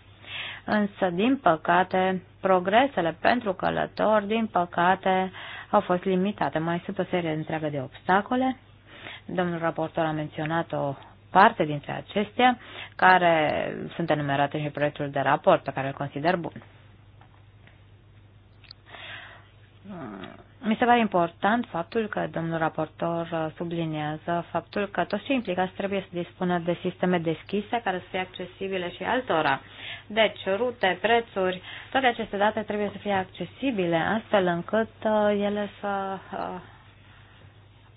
Însă, din păcate, progresele pentru călători, din păcate, au fost limitate. Mai sunt o serie întreagă de obstacole. Domnul raportor a menționat o parte dintre acestea, care sunt enumerate și proiectul de raport, pe care îl consider bun mi se pare important faptul că domnul raportor uh, subliniază faptul că toți cei implicați trebuie să dispună de sisteme deschise care să fie accesibile și altora. Deci, rute, prețuri, toate aceste date trebuie să fie accesibile astfel încât uh, ele să uh,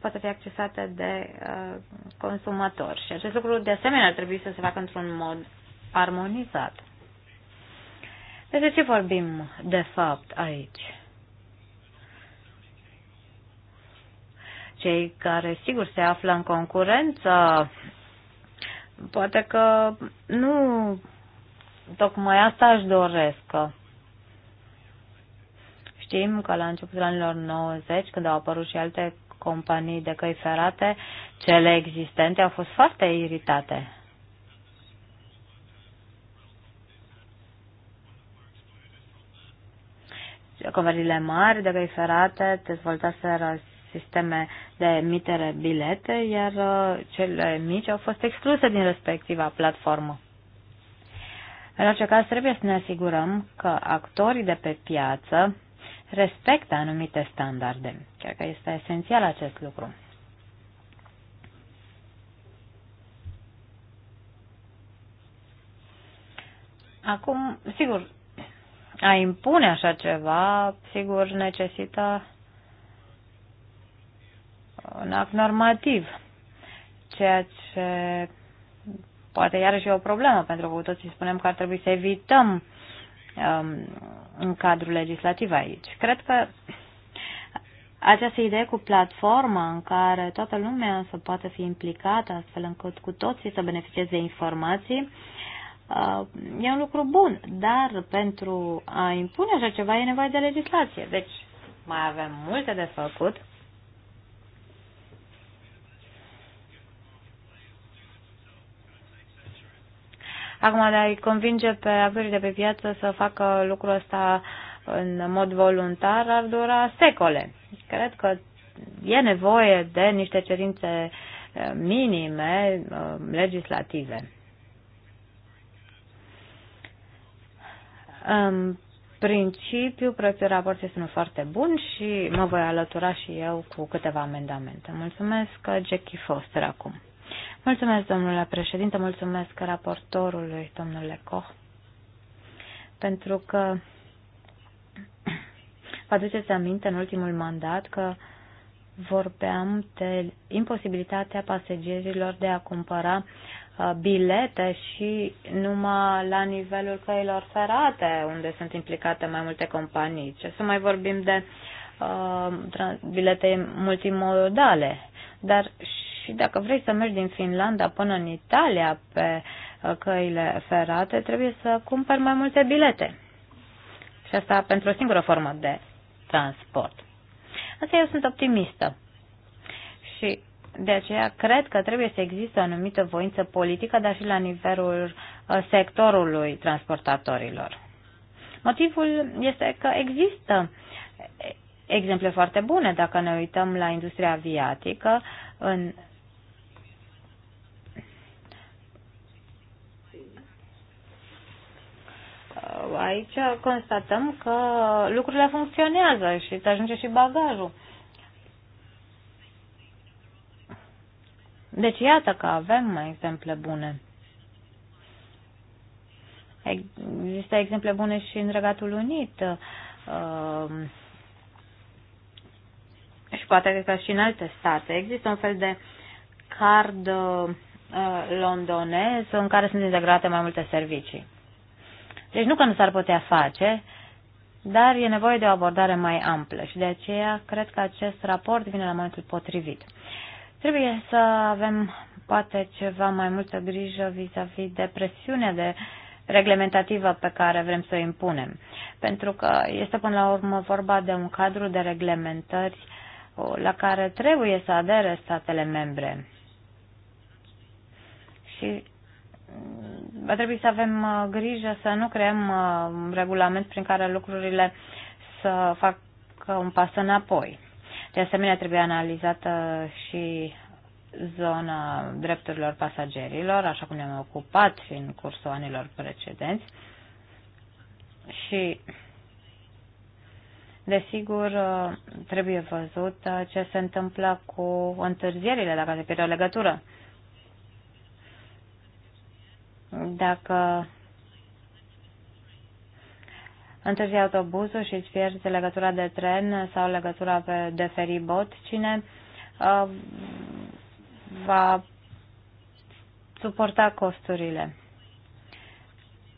poată fi accesate de consumatori. Și acest lucru, de asemenea, ar trebui să se facă într-un mod armonizat. Despre ce vorbim, de fapt, aici? cei care, sigur, se află în concurență, poate că nu tocmai asta își doresc. Știm că la începutul anilor 90, când au apărut și alte companii de căi ferate, cele existente au fost foarte iritate. Companiile mari de căi ferate dezvoltaseră sisteme de emitere bilete, iar uh, cele mici au fost excluse din respectiva platformă. În orice caz, trebuie să ne asigurăm că actorii de pe piață respectă anumite standarde. Chiar că este esențial acest lucru. Acum, sigur, a impune așa ceva, sigur, necesită un act normativ, ceea ce poate iarăși e o problemă, pentru că cu toții spunem că ar trebui să evităm um, în cadrul legislativ aici. Cred că această idee cu platforma în care toată lumea să poată fi implicată, astfel încât cu toții să beneficieze de informații, uh, e un lucru bun, dar pentru a impune așa ceva e nevoie de legislație. Deci mai avem multe de făcut Acum, de a-i convinge pe actorii de pe piață să facă lucrul ăsta în mod voluntar ar dura secole. Cred că e nevoie de niște cerințe eh, minime eh, legislative. În principiu, proiectul raport este unul foarte bun și mă voi alătura și eu cu câteva amendamente. Mulțumesc, Jackie Foster, acum. Mulțumesc, domnule președinte, mulțumesc raportorului, domnule Koch, pentru că vă aduceți aminte în ultimul mandat că vorbeam de imposibilitatea pasagerilor de a cumpăra uh, bilete și numai la nivelul căilor ferate, unde sunt implicate mai multe companii. Ce să mai vorbim de uh, bilete multimodale, dar și dacă vrei să mergi din Finlanda până în Italia pe uh, căile ferate, trebuie să cumperi mai multe bilete. Și asta pentru o singură formă de transport. Asta eu sunt optimistă. Și de aceea cred că trebuie să existe o anumită voință politică, dar și la nivelul uh, sectorului transportatorilor. Motivul este că există exemple foarte bune dacă ne uităm la industria aviatică. În aici constatăm că lucrurile funcționează și te ajunge și bagajul. Deci iată că avem exemple bune. Există exemple bune și în Regatul Unit. Uh, și poate că și în alte state. Există un fel de card uh, londonez în care sunt integrate mai multe servicii. Deci nu că nu s-ar putea face, dar e nevoie de o abordare mai amplă și de aceea cred că acest raport vine la momentul potrivit. Trebuie să avem poate ceva mai multă grijă vis-a-vis -vis de presiunea de reglementativă pe care vrem să o impunem. Pentru că este până la urmă vorba de un cadru de reglementări la care trebuie să adere statele membre. Și va trebui să avem uh, grijă să nu creăm un uh, regulament prin care lucrurile să facă un pas înapoi. De asemenea, trebuie analizată și zona drepturilor pasagerilor, așa cum ne-am ocupat și în cursul anilor precedenți. Și, desigur, uh, trebuie văzut ce se întâmplă cu întârzierile, dacă se pierde o legătură. Dacă întârzi autobuzul și îți pierzi legătura de tren sau legătura pe, de feribot, cine uh, va suporta costurile?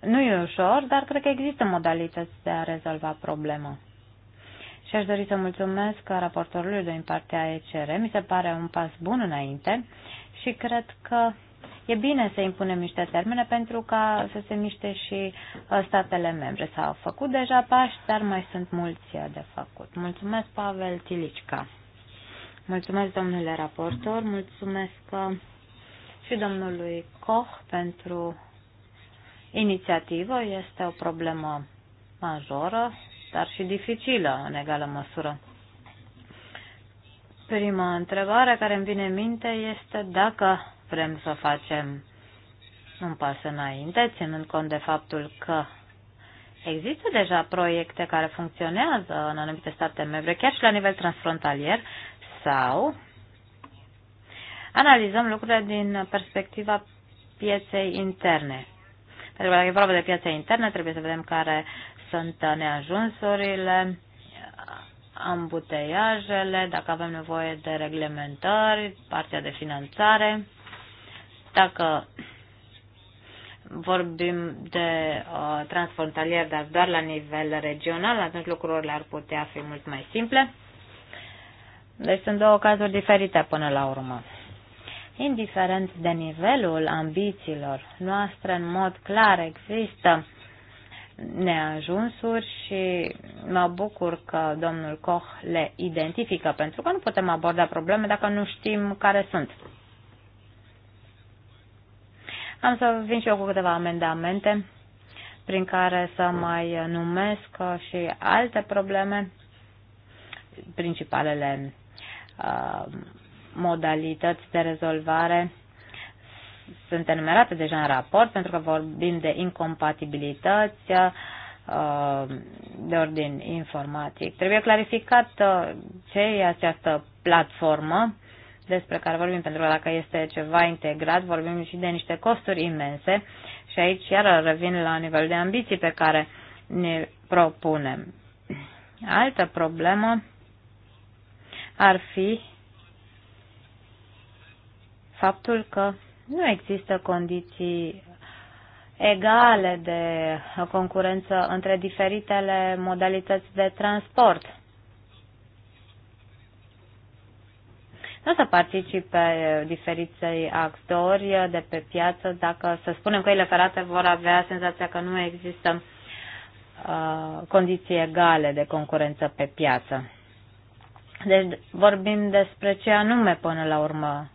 Nu e ușor, dar cred că există modalități de a rezolva problema. Și aș dori să mulțumesc raportorului din partea ECR. Mi se pare un pas bun înainte și cred că E bine să impunem niște termene pentru ca să se miște și uh, statele membre. S-au făcut deja pași, dar mai sunt mulți uh, de făcut. Mulțumesc, Pavel Tilicica. Mulțumesc, domnule raportor. Mulțumesc uh, și domnului Koch pentru inițiativă. Este o problemă majoră, dar și dificilă în egală măsură. Prima întrebare care îmi vine în minte este dacă vrem să facem un pas înainte, ținând cont de faptul că există deja proiecte care funcționează în anumite state membre, chiar și la nivel transfrontalier, sau analizăm lucrurile din perspectiva pieței interne. Pentru că dacă e vorba de piața internă, trebuie să vedem care sunt neajunsurile, ambuteiajele, dacă avem nevoie de reglementări, partea de finanțare. Dacă vorbim de uh, transfrontalier, dar doar la nivel regional, atunci lucrurile ar putea fi mult mai simple. Deci sunt două cazuri diferite până la urmă. Indiferent de nivelul ambițiilor noastre, în mod clar există neajunsuri și mă bucur că domnul Koch le identifică, pentru că nu putem aborda probleme dacă nu știm care sunt. Am să vin și eu cu câteva amendamente prin care să mai numesc și alte probleme, principalele uh, modalități de rezolvare sunt enumerate deja în raport, pentru că vorbim de incompatibilități uh, de ordin informatic. Trebuie clarificat uh, ce e această platformă despre care vorbim, pentru că dacă este ceva integrat, vorbim și de niște costuri imense și aici iar revin la nivelul de ambiții pe care ne propunem. Altă problemă ar fi faptul că nu există condiții egale de concurență între diferitele modalități de transport. nu o să participe diferiței actori de pe piață dacă, să spunem, căile ferate vor avea senzația că nu există uh, condiții egale de concurență pe piață. Deci vorbim despre ce anume până la urmă.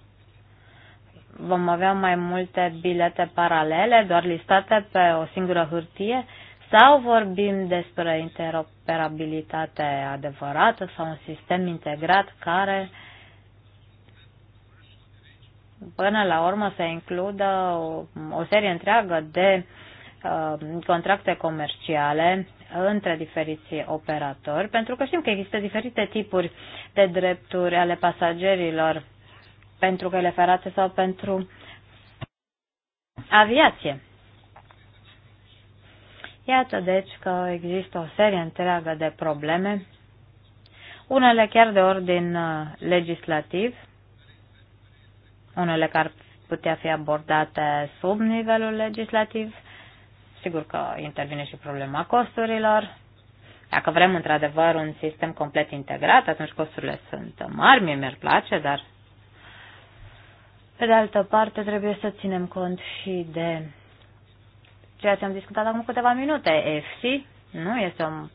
Vom avea mai multe bilete paralele, doar listate pe o singură hârtie, sau vorbim despre interoperabilitate adevărată sau un sistem integrat care uh, până la urmă să includă o, o serie întreagă de uh, contracte comerciale între diferiți operatori, pentru că știm că există diferite tipuri de drepturi ale pasagerilor pentru căile ferate sau pentru aviație. Iată deci că există o serie întreagă de probleme, unele chiar de ordin uh, legislativ, unele care ar putea fi abordate sub nivelul legislativ. Sigur că intervine și problema costurilor. Dacă vrem într-adevăr un sistem complet integrat, atunci costurile sunt mari, mie mi-ar place, dar pe de altă parte trebuie să ținem cont și de ceea ce am discutat acum câteva minute. EFSI nu este o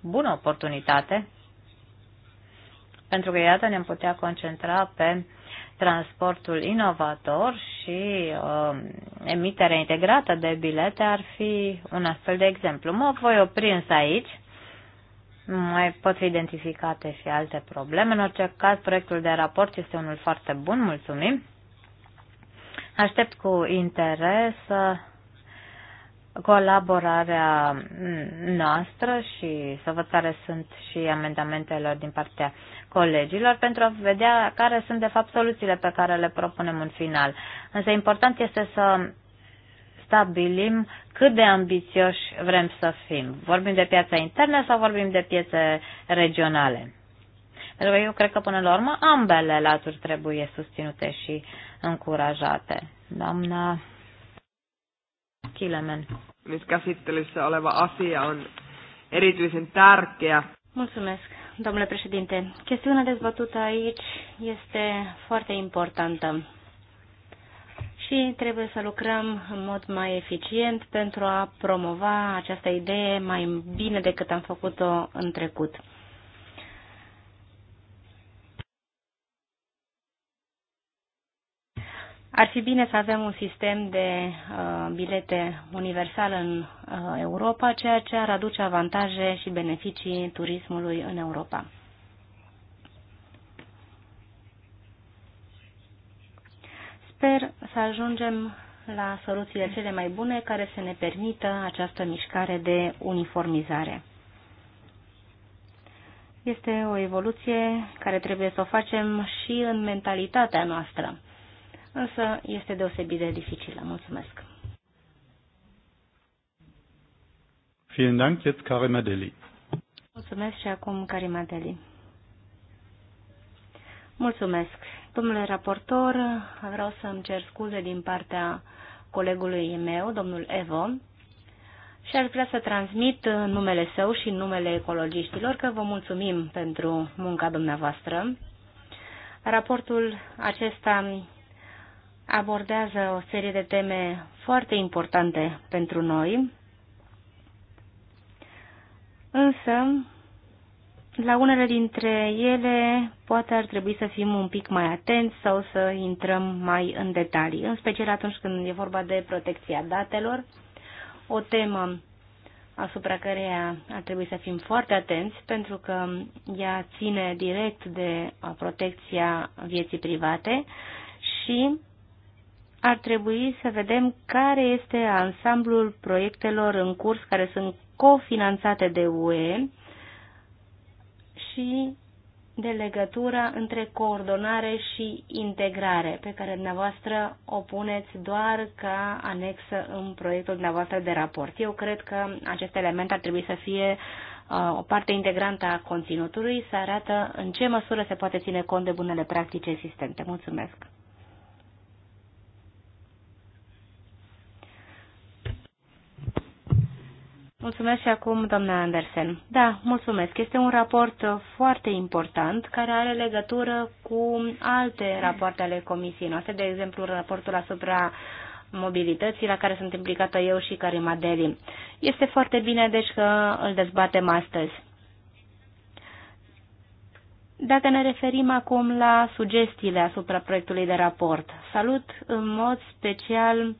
bună oportunitate pentru că, iată, ne-am putea concentra pe transportul inovator și uh, emiterea integrată de bilete ar fi un astfel de exemplu. Mă voi opri însă aici. Mai pot fi identificate și alte probleme. În orice caz, proiectul de raport este unul foarte bun. Mulțumim! Aștept cu interes colaborarea noastră și să văd care sunt și amendamentelor din partea colegilor pentru a vedea care sunt de fapt soluțiile pe care le propunem în final. Însă important este să stabilim cât de ambițioși vrem să fim. Vorbim de piața internă sau vorbim de piețe regionale? Pentru că eu cred că până la urmă ambele laturi trebuie susținute și încurajate. Doamna Kilemen. Nyt käsittelyssä oleva asia on erityisen tärkeä. Mulțumesc, domnule președinte. Chestiunea dezbătută aici este foarte importantă și trebuie să lucrăm în mod mai eficient pentru a promova această idee mai bine decât am făcut-o în trecut. Ar fi bine să avem un sistem de uh, bilete universal în uh, Europa, ceea ce ar aduce avantaje și beneficii turismului în Europa. Sper să ajungem la soluțiile cele mai bune care să ne permită această mișcare de uniformizare. Este o evoluție care trebuie să o facem și în mentalitatea noastră însă este deosebit de dificilă. Mulțumesc! Vielen Dank, jetzt Karim Adeli. Mulțumesc și acum Karim Adeli. Mulțumesc. Domnule raportor, vreau să îmi cer scuze din partea colegului meu, domnul Evo, și aș vrea să transmit numele său și numele ecologiștilor că vă mulțumim pentru munca dumneavoastră. Raportul acesta abordează o serie de teme foarte importante pentru noi, însă la unele dintre ele poate ar trebui să fim un pic mai atenți sau să intrăm mai în detalii, în special atunci când e vorba de protecția datelor, o temă asupra căreia ar trebui să fim foarte atenți pentru că ea ține direct de protecția vieții private și ar trebui să vedem care este ansamblul proiectelor în curs care sunt cofinanțate de UE și de legătura între coordonare și integrare, pe care dumneavoastră o puneți doar ca anexă în proiectul dumneavoastră de raport. Eu cred că acest element ar trebui să fie uh, o parte integrantă a conținutului, să arată în ce măsură se poate ține cont de bunele practici existente. Mulțumesc! Mulțumesc și acum, doamna Andersen. Da, mulțumesc. Este un raport uh, foarte important care are legătură cu alte rapoarte ale comisiei noastre, de exemplu raportul asupra mobilității la care sunt implicată eu și Karima Deli. Este foarte bine, deci, că îl dezbatem astăzi. Dacă ne referim acum la sugestiile asupra proiectului de raport, salut în mod special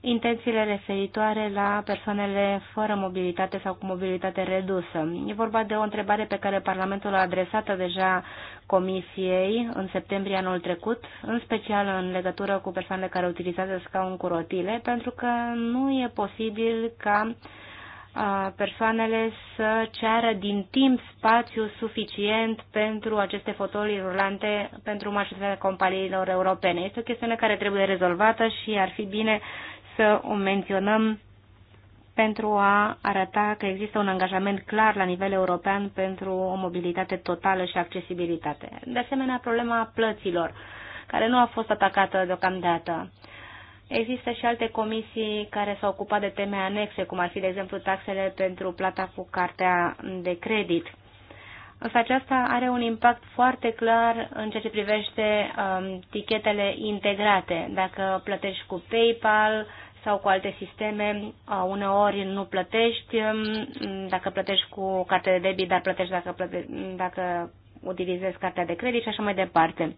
intențiile referitoare la persoanele fără mobilitate sau cu mobilitate redusă. E vorba de o întrebare pe care Parlamentul a adresat-o deja Comisiei în septembrie anul trecut, în special în legătură cu persoanele care utilizează scaun cu rotile, pentru că nu e posibil ca persoanele să ceară din timp spațiu suficient pentru aceste fotolii rulante pentru majoritatea companiilor europene. Este o chestiune care trebuie rezolvată și ar fi bine să o menționăm pentru a arăta că există un angajament clar la nivel european pentru o mobilitate totală și accesibilitate. De asemenea, problema plăților, care nu a fost atacată deocamdată. Există și alte comisii care s-au ocupat de teme anexe, cum ar fi, de exemplu, taxele pentru plata cu cartea de credit. Însă aceasta are un impact foarte clar în ceea ce privește um, tichetele integrate. Dacă plătești cu PayPal sau cu alte sisteme, uh, uneori nu plătești um, dacă plătești cu carte de debit, dar plătești dacă, plăte- dacă utilizezi cartea de credit și așa mai departe.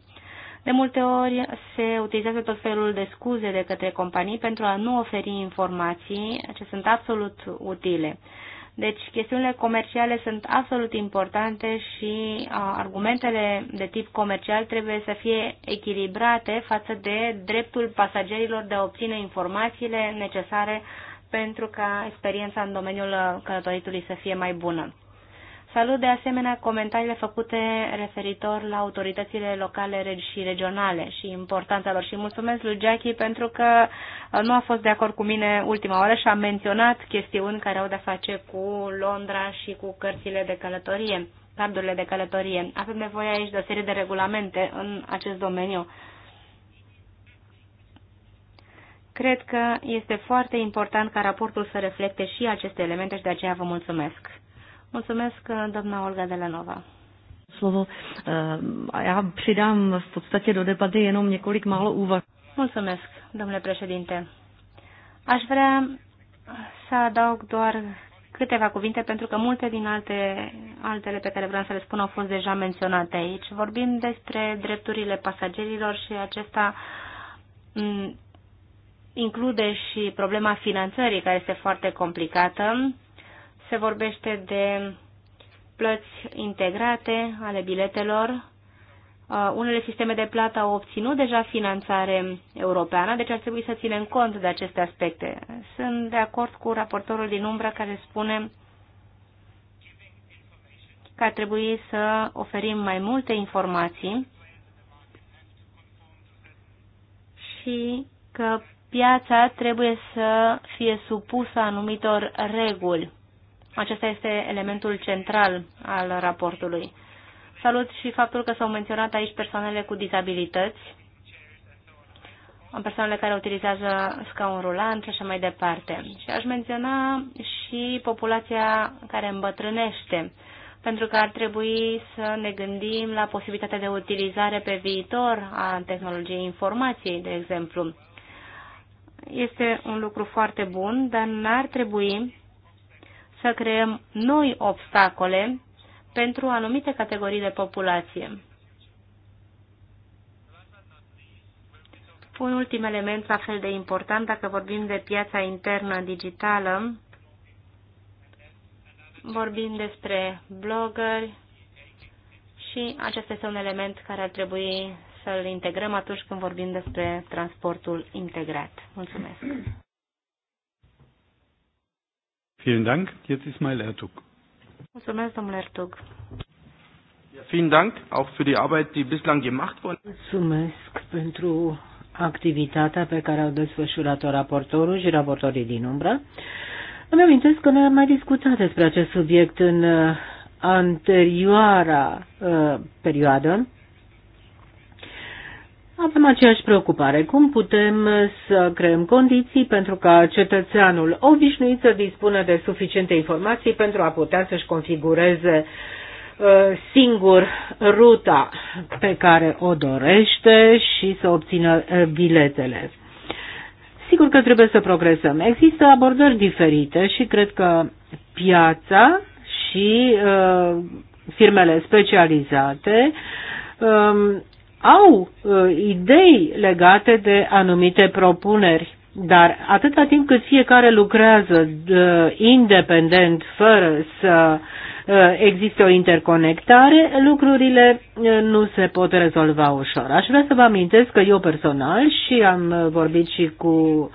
De multe ori se utilizează tot felul de scuze de către companii pentru a nu oferi informații ce sunt absolut utile. Deci chestiunile comerciale sunt absolut importante și a, argumentele de tip comercial trebuie să fie echilibrate față de dreptul pasagerilor de a obține informațiile necesare pentru ca experiența în domeniul călătoritului să fie mai bună. Salut de asemenea comentariile făcute referitor la autoritățile locale și regionale și importanța lor și mulțumesc lui Jackie pentru că uh, nu a fost de acord cu mine ultima oară și a menționat chestiuni care au de-a face cu Londra și cu cărțile de călătorie, cardurile de călătorie. Avem nevoie aici de o serie de regulamente în acest domeniu. Cred că este foarte important ca raportul să reflecte și aceste elemente și de aceea vă mulțumesc. Mulțumesc, doamna Olga Delenova. Slovo. ja eh, přidám v podstatě do debaty jenom několik málo úvah. Mulțumesc, domnule președinte. Aș vrea să adaug doar câteva cuvinte, pentru că multe din alte, altele pe care vreau să le spun au fost deja menționate aici. Vorbim despre drepturile pasagerilor și acesta mm, include și problema finanțării, care este foarte complicată se vorbește de plăți integrate ale biletelor. Uh, unele sisteme de plată au obținut deja finanțare europeană, deci ar trebui să ținem cont de aceste aspecte. Sunt de acord cu raportorul din umbră care spune că ar trebui să oferim mai multe informații și că piața trebuie să fie supusă anumitor reguli. Acesta este elementul central al raportului. Salut și faptul că s-au menționat aici persoanele cu dizabilități, persoanele care utilizează scaun rulant și așa mai departe. Și aș menționa și populația care îmbătrânește, pentru că ar trebui să ne gândim la posibilitatea de utilizare pe viitor a tehnologiei informației, de exemplu. Este un lucru foarte bun, dar n-ar trebui să creăm noi obstacole pentru anumite categorii de populație. Un ultim element la fel de important, dacă vorbim de piața internă digitală, vorbim despre blogări și acesta este un element care ar trebui să-l integrăm atunci când vorbim despre transportul integrat. Mulțumesc! Vielen Dank. Jetzt Ismail Ertug. Mulțumesc, domnule Ertug. Vielen Dank auch für die Arbeit, die bislang gemacht wurde. Mulțumesc pentru activitatea pe care au desfășurat-o raportorul și raportorii din umbră. Îmi amintesc că noi am mai discutat despre acest subiect în uh, anterioara uh, perioadă avem aceeași preocupare. Cum putem să creăm condiții pentru ca cetățeanul obișnuit să dispună de suficiente informații pentru a putea să-și configureze uh, singur ruta pe care o dorește și să obțină uh, biletele. Sigur că trebuie să progresăm. Există abordări diferite și cred că piața și uh, firmele specializate um, au uh, idei legate de anumite propuneri, dar atâta timp cât fiecare lucrează uh, independent, fără să uh, existe o interconectare, lucrurile uh, nu se pot rezolva ușor. Aș vrea să vă amintesc că eu personal și am vorbit și cu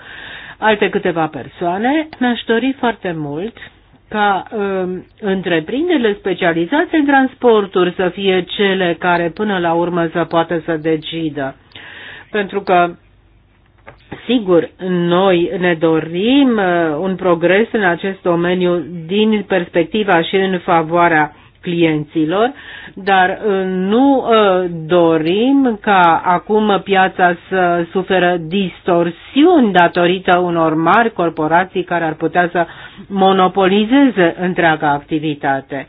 alte câteva persoane, mi-aș dori foarte mult uh, ca uh, întreprinderile specializate în transporturi să fie cele care până la urmă să poată să decidă. Pentru că Sigur, noi ne dorim uh, un progres în acest domeniu din perspectiva și în favoarea clienților, dar uh, nu uh, dorim ca acum piața să suferă distorsiuni datorită unor mari corporații care ar putea să monopolizeze întreaga activitate.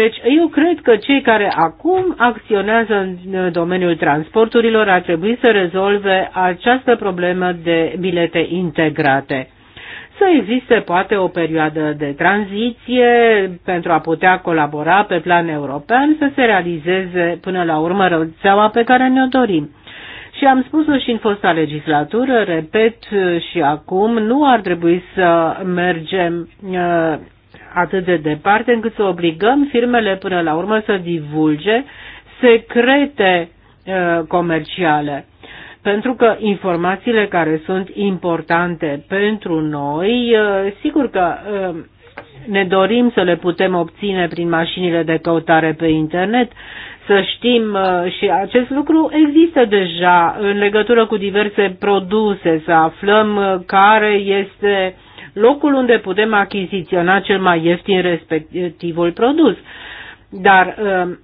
Deci eu cred că cei care acum acționează în uh, domeniul transporturilor ar trebui să rezolve această problemă de bilete integrate să existe poate o perioadă de tranziție pentru a putea colabora pe plan european, să se realizeze până la urmă rețeaua pe care ne-o dorim. Și am spus-o și în fosta legislatură, repet și acum, nu ar trebui să mergem uh, atât de departe încât să obligăm firmele până la urmă să divulge secrete uh, comerciale pentru că informațiile care sunt importante pentru noi, uh, sigur că uh, ne dorim să le putem obține prin mașinile de căutare pe internet, să știm uh, și acest lucru există deja în legătură cu diverse produse, să aflăm care este locul unde putem achiziționa cel mai ieftin respectivul produs. Dar uh,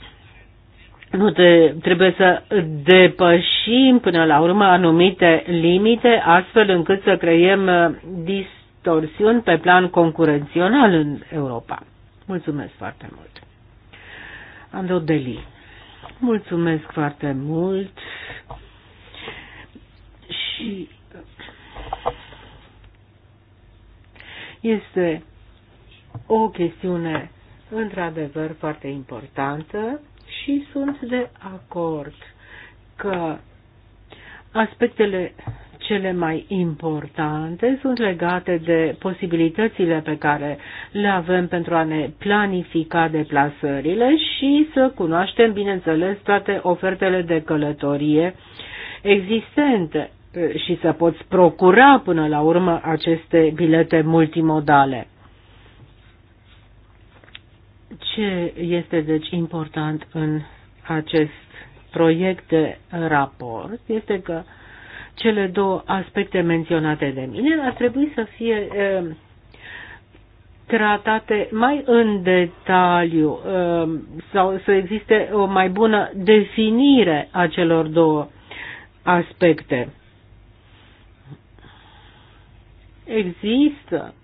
nu te, trebuie să depășim până la urmă anumite limite, astfel încât să creiem uh, distorsiuni pe plan concurențional în Europa. Mulțumesc foarte mult. Andro Deli. Mulțumesc foarte mult. Și este o chestiune într-adevăr foarte importantă și sunt de acord că aspectele cele mai importante sunt legate de posibilitățile pe care le avem pentru a ne planifica deplasările și să cunoaștem, bineînțeles, toate ofertele de călătorie existente eh, și să poți procura până la urmă aceste bilete multimodale. Ce este deci important în acest proiect de raport este că cele două aspecte menționate de mine ar trebui să fie e, eh, tratate mai în detaliu e, eh, sau să existe o mai bună definire a celor două aspecte. Există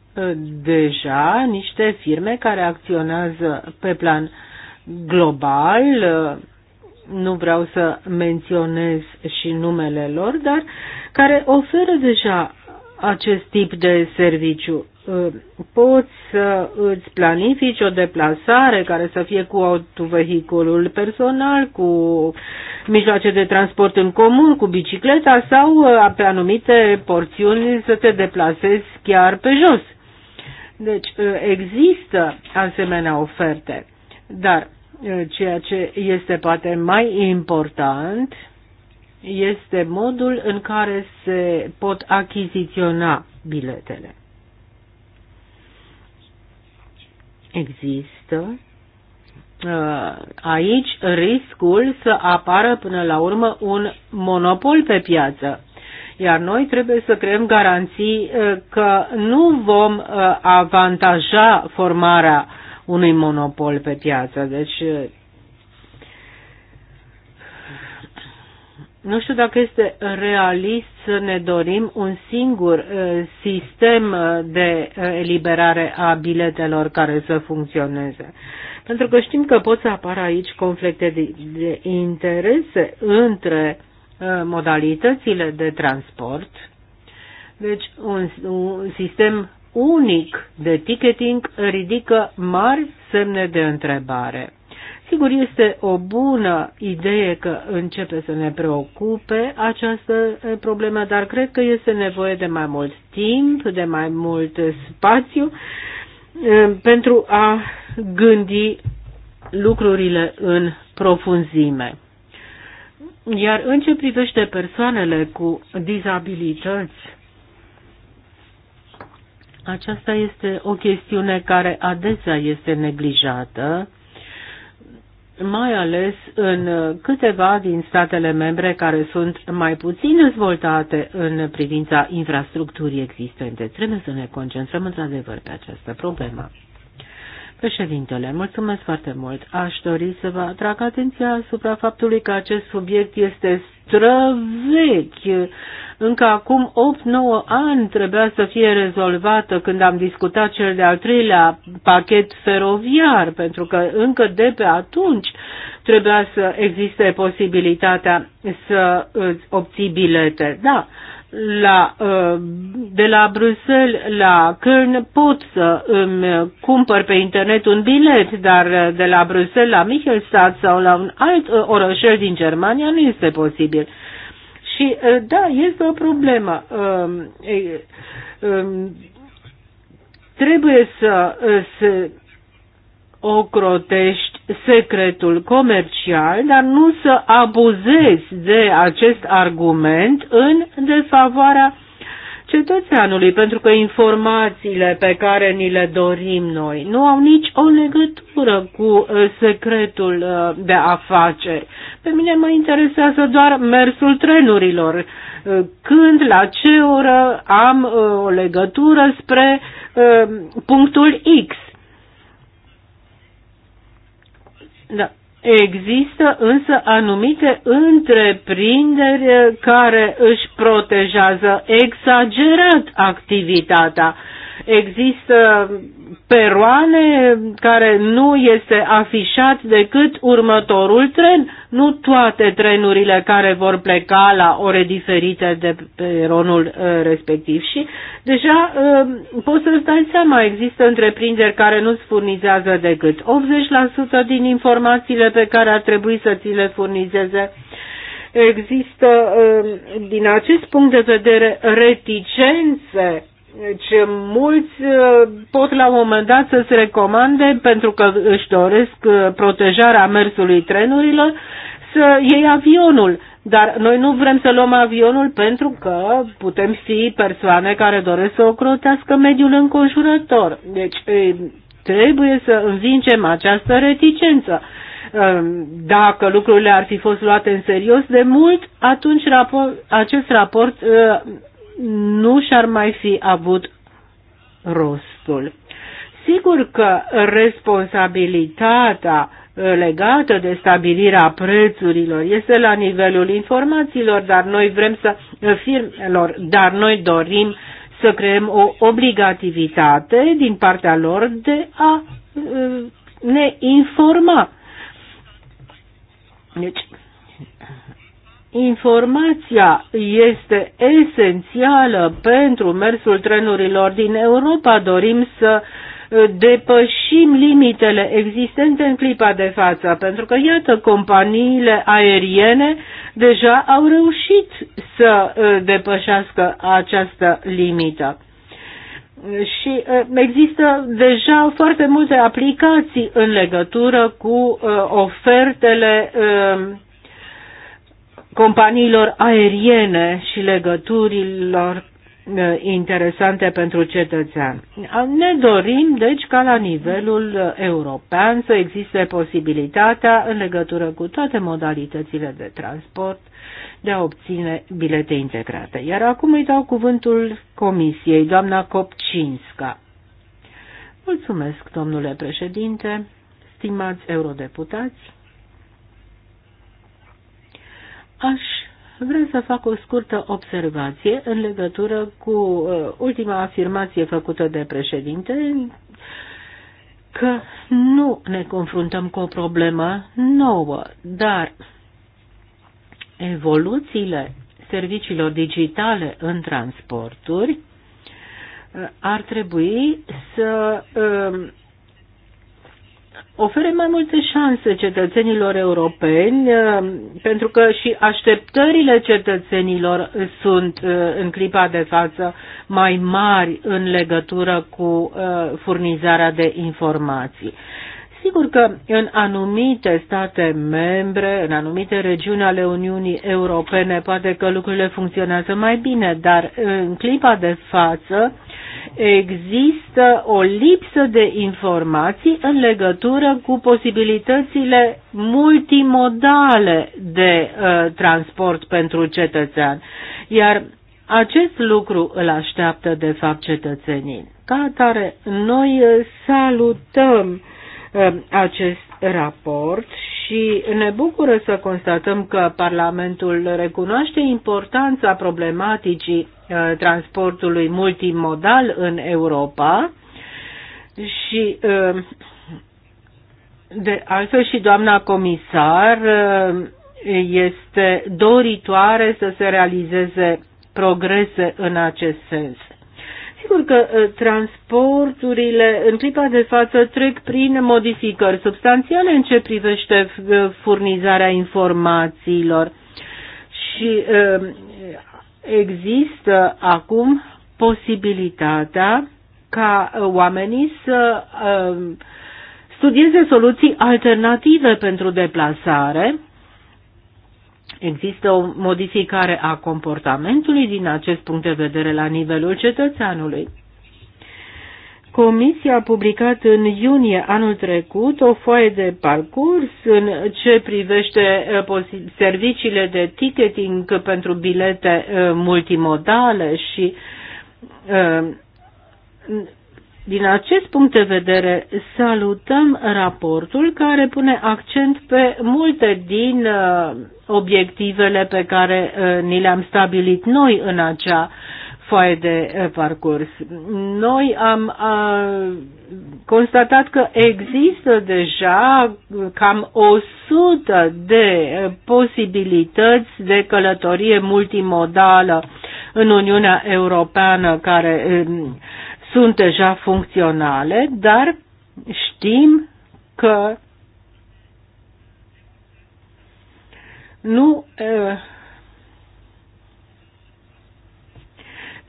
deja niște firme care acționează pe plan global, nu vreau să menționez și numele lor, dar care oferă deja acest tip de serviciu. Poți să îți planifici o deplasare care să fie cu autovehiculul personal, cu mijloace de transport în comun, cu bicicleta sau uh, pe anumite porțiuni să te deplasezi chiar pe jos. Deci ă, există asemenea oferte, dar ă, ceea ce este poate mai important este modul în care se pot achiziționa biletele. Există ă, aici riscul să apară până la urmă un monopol pe piață. Iar noi trebuie să creăm garanții uh, că nu vom uh, avantaja formarea unui monopol pe piață. Deci uh, Nu știu dacă este realist să ne dorim un singur sistem de eliberare a biletelor care să funcționeze. Pentru că știm că pot să apară aici conflicte de interese între Uh, modalitățile de transport. Deci un, un sistem unic de ticketing ridică mari semne de întrebare. Sigur, este o bună idee că începe să ne preocupe această problemă, dar cred că este nevoie de mai mult timp, de mai mult spațiu uh, pentru a gândi lucrurile în profunzime. Iar în ce privește persoanele cu dizabilități, aceasta este o chestiune care adesea este neglijată, mai ales în câteva din statele membre care sunt mai puțin dezvoltate în privința infrastructurii existente. Trebuie să ne concentrăm într-adevăr pe această problemă. Președintele, mulțumesc foarte mult. Aș dori să vă atrag atenția asupra faptului că acest subiect este străvechi. Încă acum 8-9 ani trebuia să fie rezolvată când am discutat cel de-al treilea pachet feroviar, pentru că încă de pe atunci trebuia să existe posibilitatea să îți obții bilete. Da, la, uh, de la Bruxelles la Köln pot să îmi cumpăr pe internet un bilet, dar uh, de la Bruxelles la Michelstadt sau la un alt uh, orășel din Germania nu este posibil. Și da, este o problemă. Um, um, trebuie să se ocrotești secretul comercial, dar nu să abuzezi de acest argument în defavoarea cetățeanului, pentru că informațiile pe care ni le dorim noi nu au nici o legătură cu uh, secretul uh, de afaceri. Pe mine mă interesează doar mersul trenurilor, uh, când, la ce oră am o legătură spre punctul X Da. Există însă anumite întreprinderi eh, care își protejează exagerat activitatea există peroane care nu este afișat decât următorul tren. Nu toate trenurile care vor pleca la ore diferite de peronul uh, respectiv. Și deja uh, poți să-ți dai seama, există întreprinderi care nu-ți furnizează decât 80% din informațiile pe care ar trebui să ți le furnizeze există uh, din acest punct de vedere reticențe deci eh, mulți eh, pot la un moment dat să se recomande, pentru că își doresc eh, protejarea mersului trenurilor, să iei avionul. Dar noi nu vrem să luăm avionul pentru că putem fi persoane care doresc să ocrotească mediul înconjurător. Deci trebuie să învingem această reticență. Dacă lucrurile ar fi fost luate în serios de mult, atunci rapor, acest raport nu și-ar mai fi avut rostul. Sigur că responsabilitatea legată de stabilirea prețurilor este la nivelul informațiilor, dar noi vrem să firmelor, dar noi dorim să creăm o obligativitate din partea lor de a uh, ne informa. Deci, informația este esențială pentru mersul trenurilor din Europa. Dorim să depășim limitele existente în clipa de față, pentru că, iată, companiile aeriene deja au reușit să depășească această limită. Și există deja foarte multe aplicații în legătură cu ofertele companiilor aeriene și legăturilor interesante pentru cetățean. Ne dorim, deci, ca la nivelul european să existe posibilitatea, în legătură cu toate modalitățile de transport, de a obține bilete integrate. Iar acum îi dau cuvântul Comisiei, doamna Copcinska. Mulțumesc, domnule președinte, stimați eurodeputați. Aș vrea să fac o scurtă observație în legătură cu uh, ultima afirmație făcută de președinte că nu ne confruntăm cu o problemă nouă, dar evoluțiile serviciilor digitale în transporturi uh, ar trebui să uh, ofere mai multe șanse cetățenilor europeni, uh, pentru că și așteptările cetățenilor sunt uh, în clipa de față mai mari în legătură cu uh, furnizarea de informații. Sigur că în anumite state membre, în anumite regiuni ale Uniunii Europene, poate că lucrurile funcționează mai bine, dar în clipa de față, există o lipsă de informații în legătură cu posibilitățile multimodale de uh, transport pentru cetățean. Iar acest lucru îl așteaptă de fapt cetățenii. Ca atare, noi uh, salutăm uh, acest raport și ne bucură să constatăm că Parlamentul recunoaște importanța problematicii Uh, transportului multimodal în Europa și uh, de altfel și doamna comisar uh, este doritoare să se realizeze progrese în acest sens. Sigur că transporturile în clipa de față trec prin modificări substanțiale în ce privește furnizarea informațiilor și există acum posibilitatea ca uh, oamenii să uh, studieze soluții alternative pentru deplasare. Există o modificare a comportamentului din acest punct de vedere la nivelul cetățeanului. Comisia a publicat în iunie anul trecut o foaie de parcurs în ce privește uh, serviciile de ticketing pentru bilete uh, multimodale și uh, din acest punct de vedere salutăm raportul care pune accent pe multe din obiectivele pe care ni le-am stabilit noi în acea foaie de eh, parcurs. Noi am a, constatat că există deja cam 100 de eh, posibilități de călătorie multimodală în Uniunea Europeană care eh, sunt deja funcționale, dar știm că nu uh,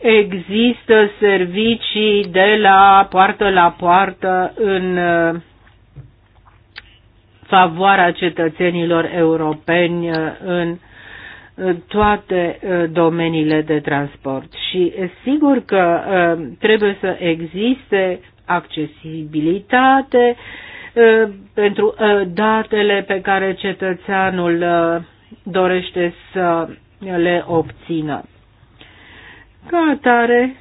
Există servicii de la poartă la poartă în uh, favoarea cetățenilor europeni uh, în toate uh, domeniile de transport. Și sigur că trebuie să existe accesibilitate pentru datele pe care cetățeanul dorește să le obțină. Ca atare,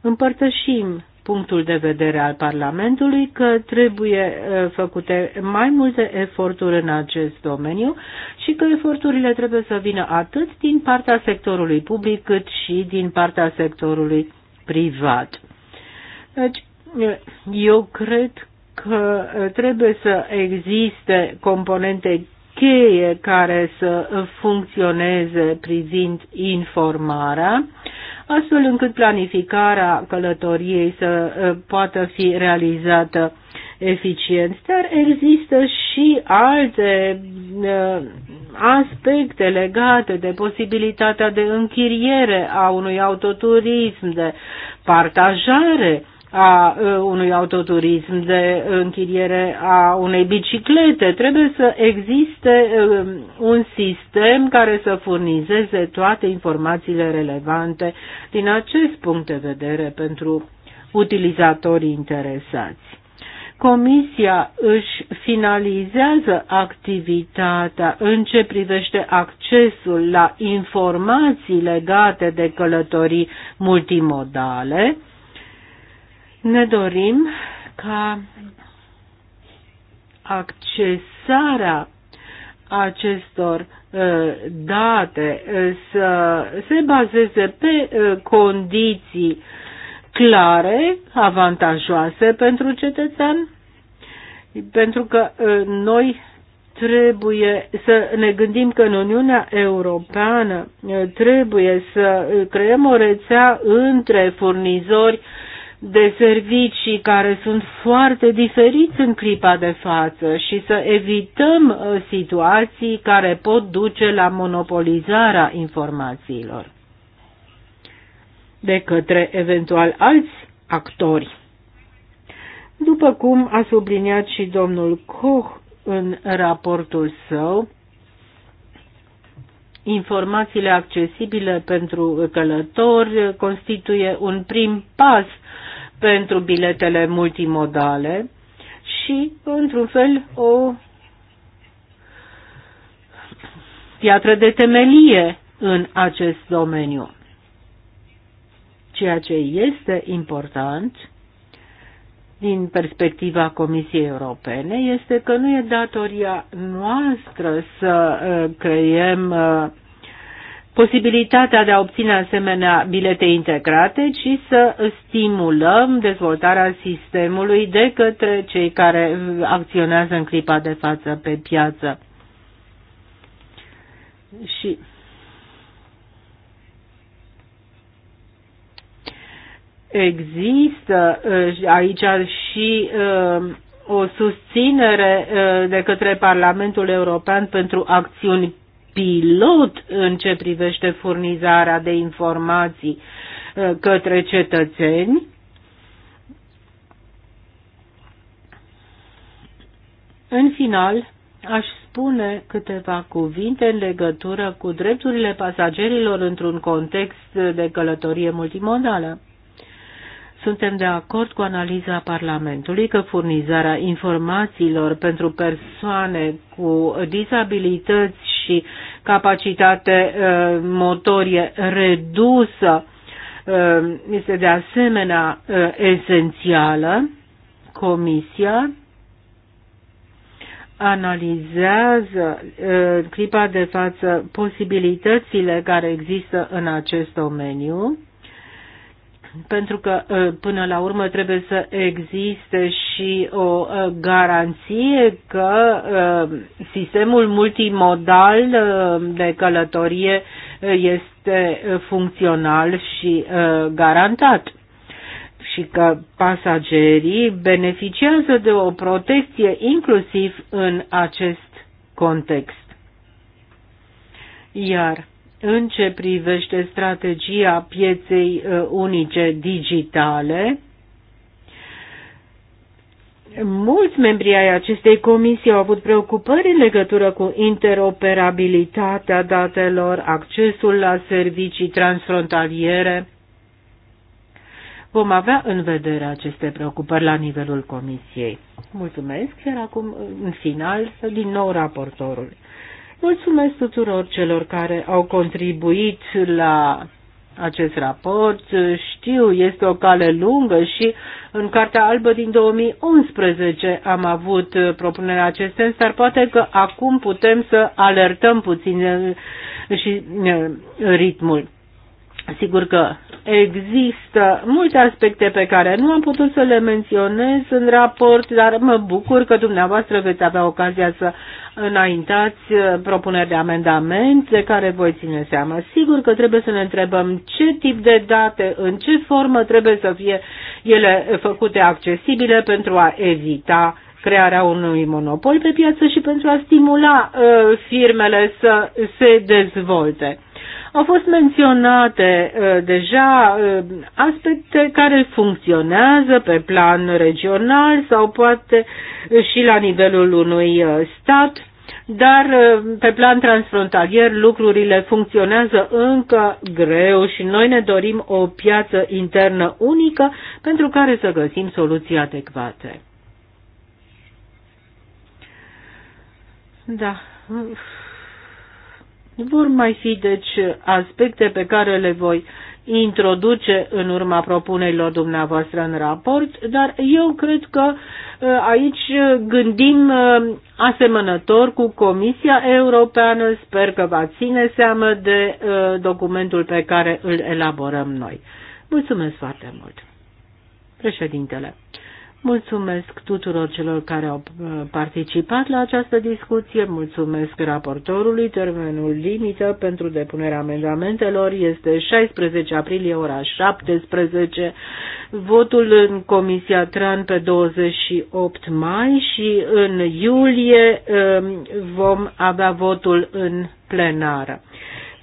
împărtășim punctul de vedere al Parlamentului că trebuie făcute mai multe eforturi în acest domeniu și că eforturile trebuie să vină atât din partea sectorului public cât și din partea sectorului privat. Deci, eu cred că trebuie să existe componente cheie care să funcționeze privind informarea, astfel încât planificarea călătoriei să poată fi realizată eficient. Dar există și alte aspecte legate de posibilitatea de închiriere a unui autoturism, de partajare a unui autoturism, de închiriere a unei biciclete. Trebuie să existe un sistem care să furnizeze toate informațiile relevante din acest punct de vedere pentru utilizatorii interesați. Comisia își finalizează activitatea în ce privește accesul la informații legate de călătorii multimodale ne dorim ca accesarea acestor uh, date uh, să se bazeze pe uh, condiții clare, avantajoase pentru cetățean, pentru că noi trebuie să ne gândim că în Uniunea Europeană trebuie să creăm o rețea între furnizori de servicii care sunt foarte diferiți în clipa de față și să evităm uh, situații care pot duce la monopolizarea informațiilor de către eventual alți actori. După cum a subliniat și domnul Koch în raportul său, informațiile accesibile pentru călători constituie un prim pas pentru biletele multimodale și, într-un fel, o piatră de temelie în acest domeniu. Ceea ce este important din perspectiva Comisiei Europene este că nu e datoria noastră să uh, creăm uh, posibilitatea de a obține asemenea bilete integrate, ci să stimulăm dezvoltarea sistemului de către cei care acționează în clipa de față pe piață. Și există uh, aici și uh, o susținere uh, de către Parlamentul European pentru acțiuni pilot în ce privește furnizarea de informații uh, către cetățeni. În final, aș spune câteva cuvinte în legătură cu drepturile pasagerilor într-un context de călătorie multimodală. Suntem de acord cu analiza Parlamentului că furnizarea informațiilor pentru persoane cu dizabilități și capacitate uh, motorie redusă uh, este de asemenea uh, esențială. Comisia analizează clipa de față posibilitățile care există în acest domeniu pentru că ă, până la urmă trebuie să existe și o ă, garanție că ă, sistemul multimodal de călătorie este funcțional și garantat și că pasagerii beneficiază de o protecție inclusiv în acest context. Iar în ce privește strategia pieței uh, unice digitale, Mulți membri ai acestei comisii au avut preocupări în legătură cu interoperabilitatea datelor, accesul la servicii transfrontaliere. Vom avea în vedere aceste preocupări la nivelul comisiei. Mulțumesc, iar acum, în final, din nou raportorul. Mulțumesc tuturor celor care au contribuit la acest raport. Știu, este o cale lungă și în Cartea Albă din 2011 am avut propunerea acestei, dar poate că acum putem să alertăm puțin eh, și eh, ritmul. Sigur că există multe aspecte pe care nu am putut să le menționez în raport, dar mă bucur că dumneavoastră veți avea ocazia să înaintați uh, propuneri de amendament de care voi ține seama. Sigur că trebuie să ne întrebăm ce tip de date, în ce formă trebuie să fie ele făcute accesibile pentru a evita crearea unui monopol pe piață și pentru a stimula uh, firmele să se dezvolte. Au fost menționate uh, deja uh, aspecte care funcționează pe plan regional sau poate și la nivelul unui uh, stat dar uh, pe plan transfrontalier lucrurile funcționează încă greu și noi ne dorim o piață internă unică pentru care să găsim soluții adecvate. Da. Vor mai fi, deci, aspecte pe care le voi introduce în urma propunerilor dumneavoastră în raport, dar eu cred că uh, aici uh, gândim uh, asemănător cu Comisia Europeană. Sper că va ține seamă de documentul pe care îl elaborăm noi. Mulțumesc foarte mult. Președintele, Mulțumesc tuturor celor care au uh, participat la această discuție, mulțumesc raportorului. Termenul limită pentru depunerea amendamentelor este 16 aprilie ora 17, votul în Comisia TRAN pe 28 mai și în iulie um, vom avea votul în plenară.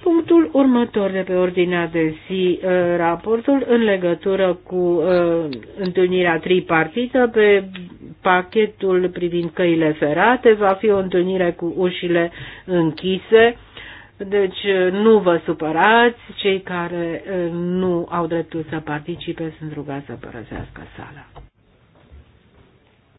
Punctul următor de pe ordinea de zi, uh, raportul în legătură cu uh, întâlnirea tripartită pe pachetul privind căile ferate, va fi o întâlnire cu ușile închise. Deci uh, nu vă supărați, cei care nu au dreptul să participe sunt rugați să părăsească sala.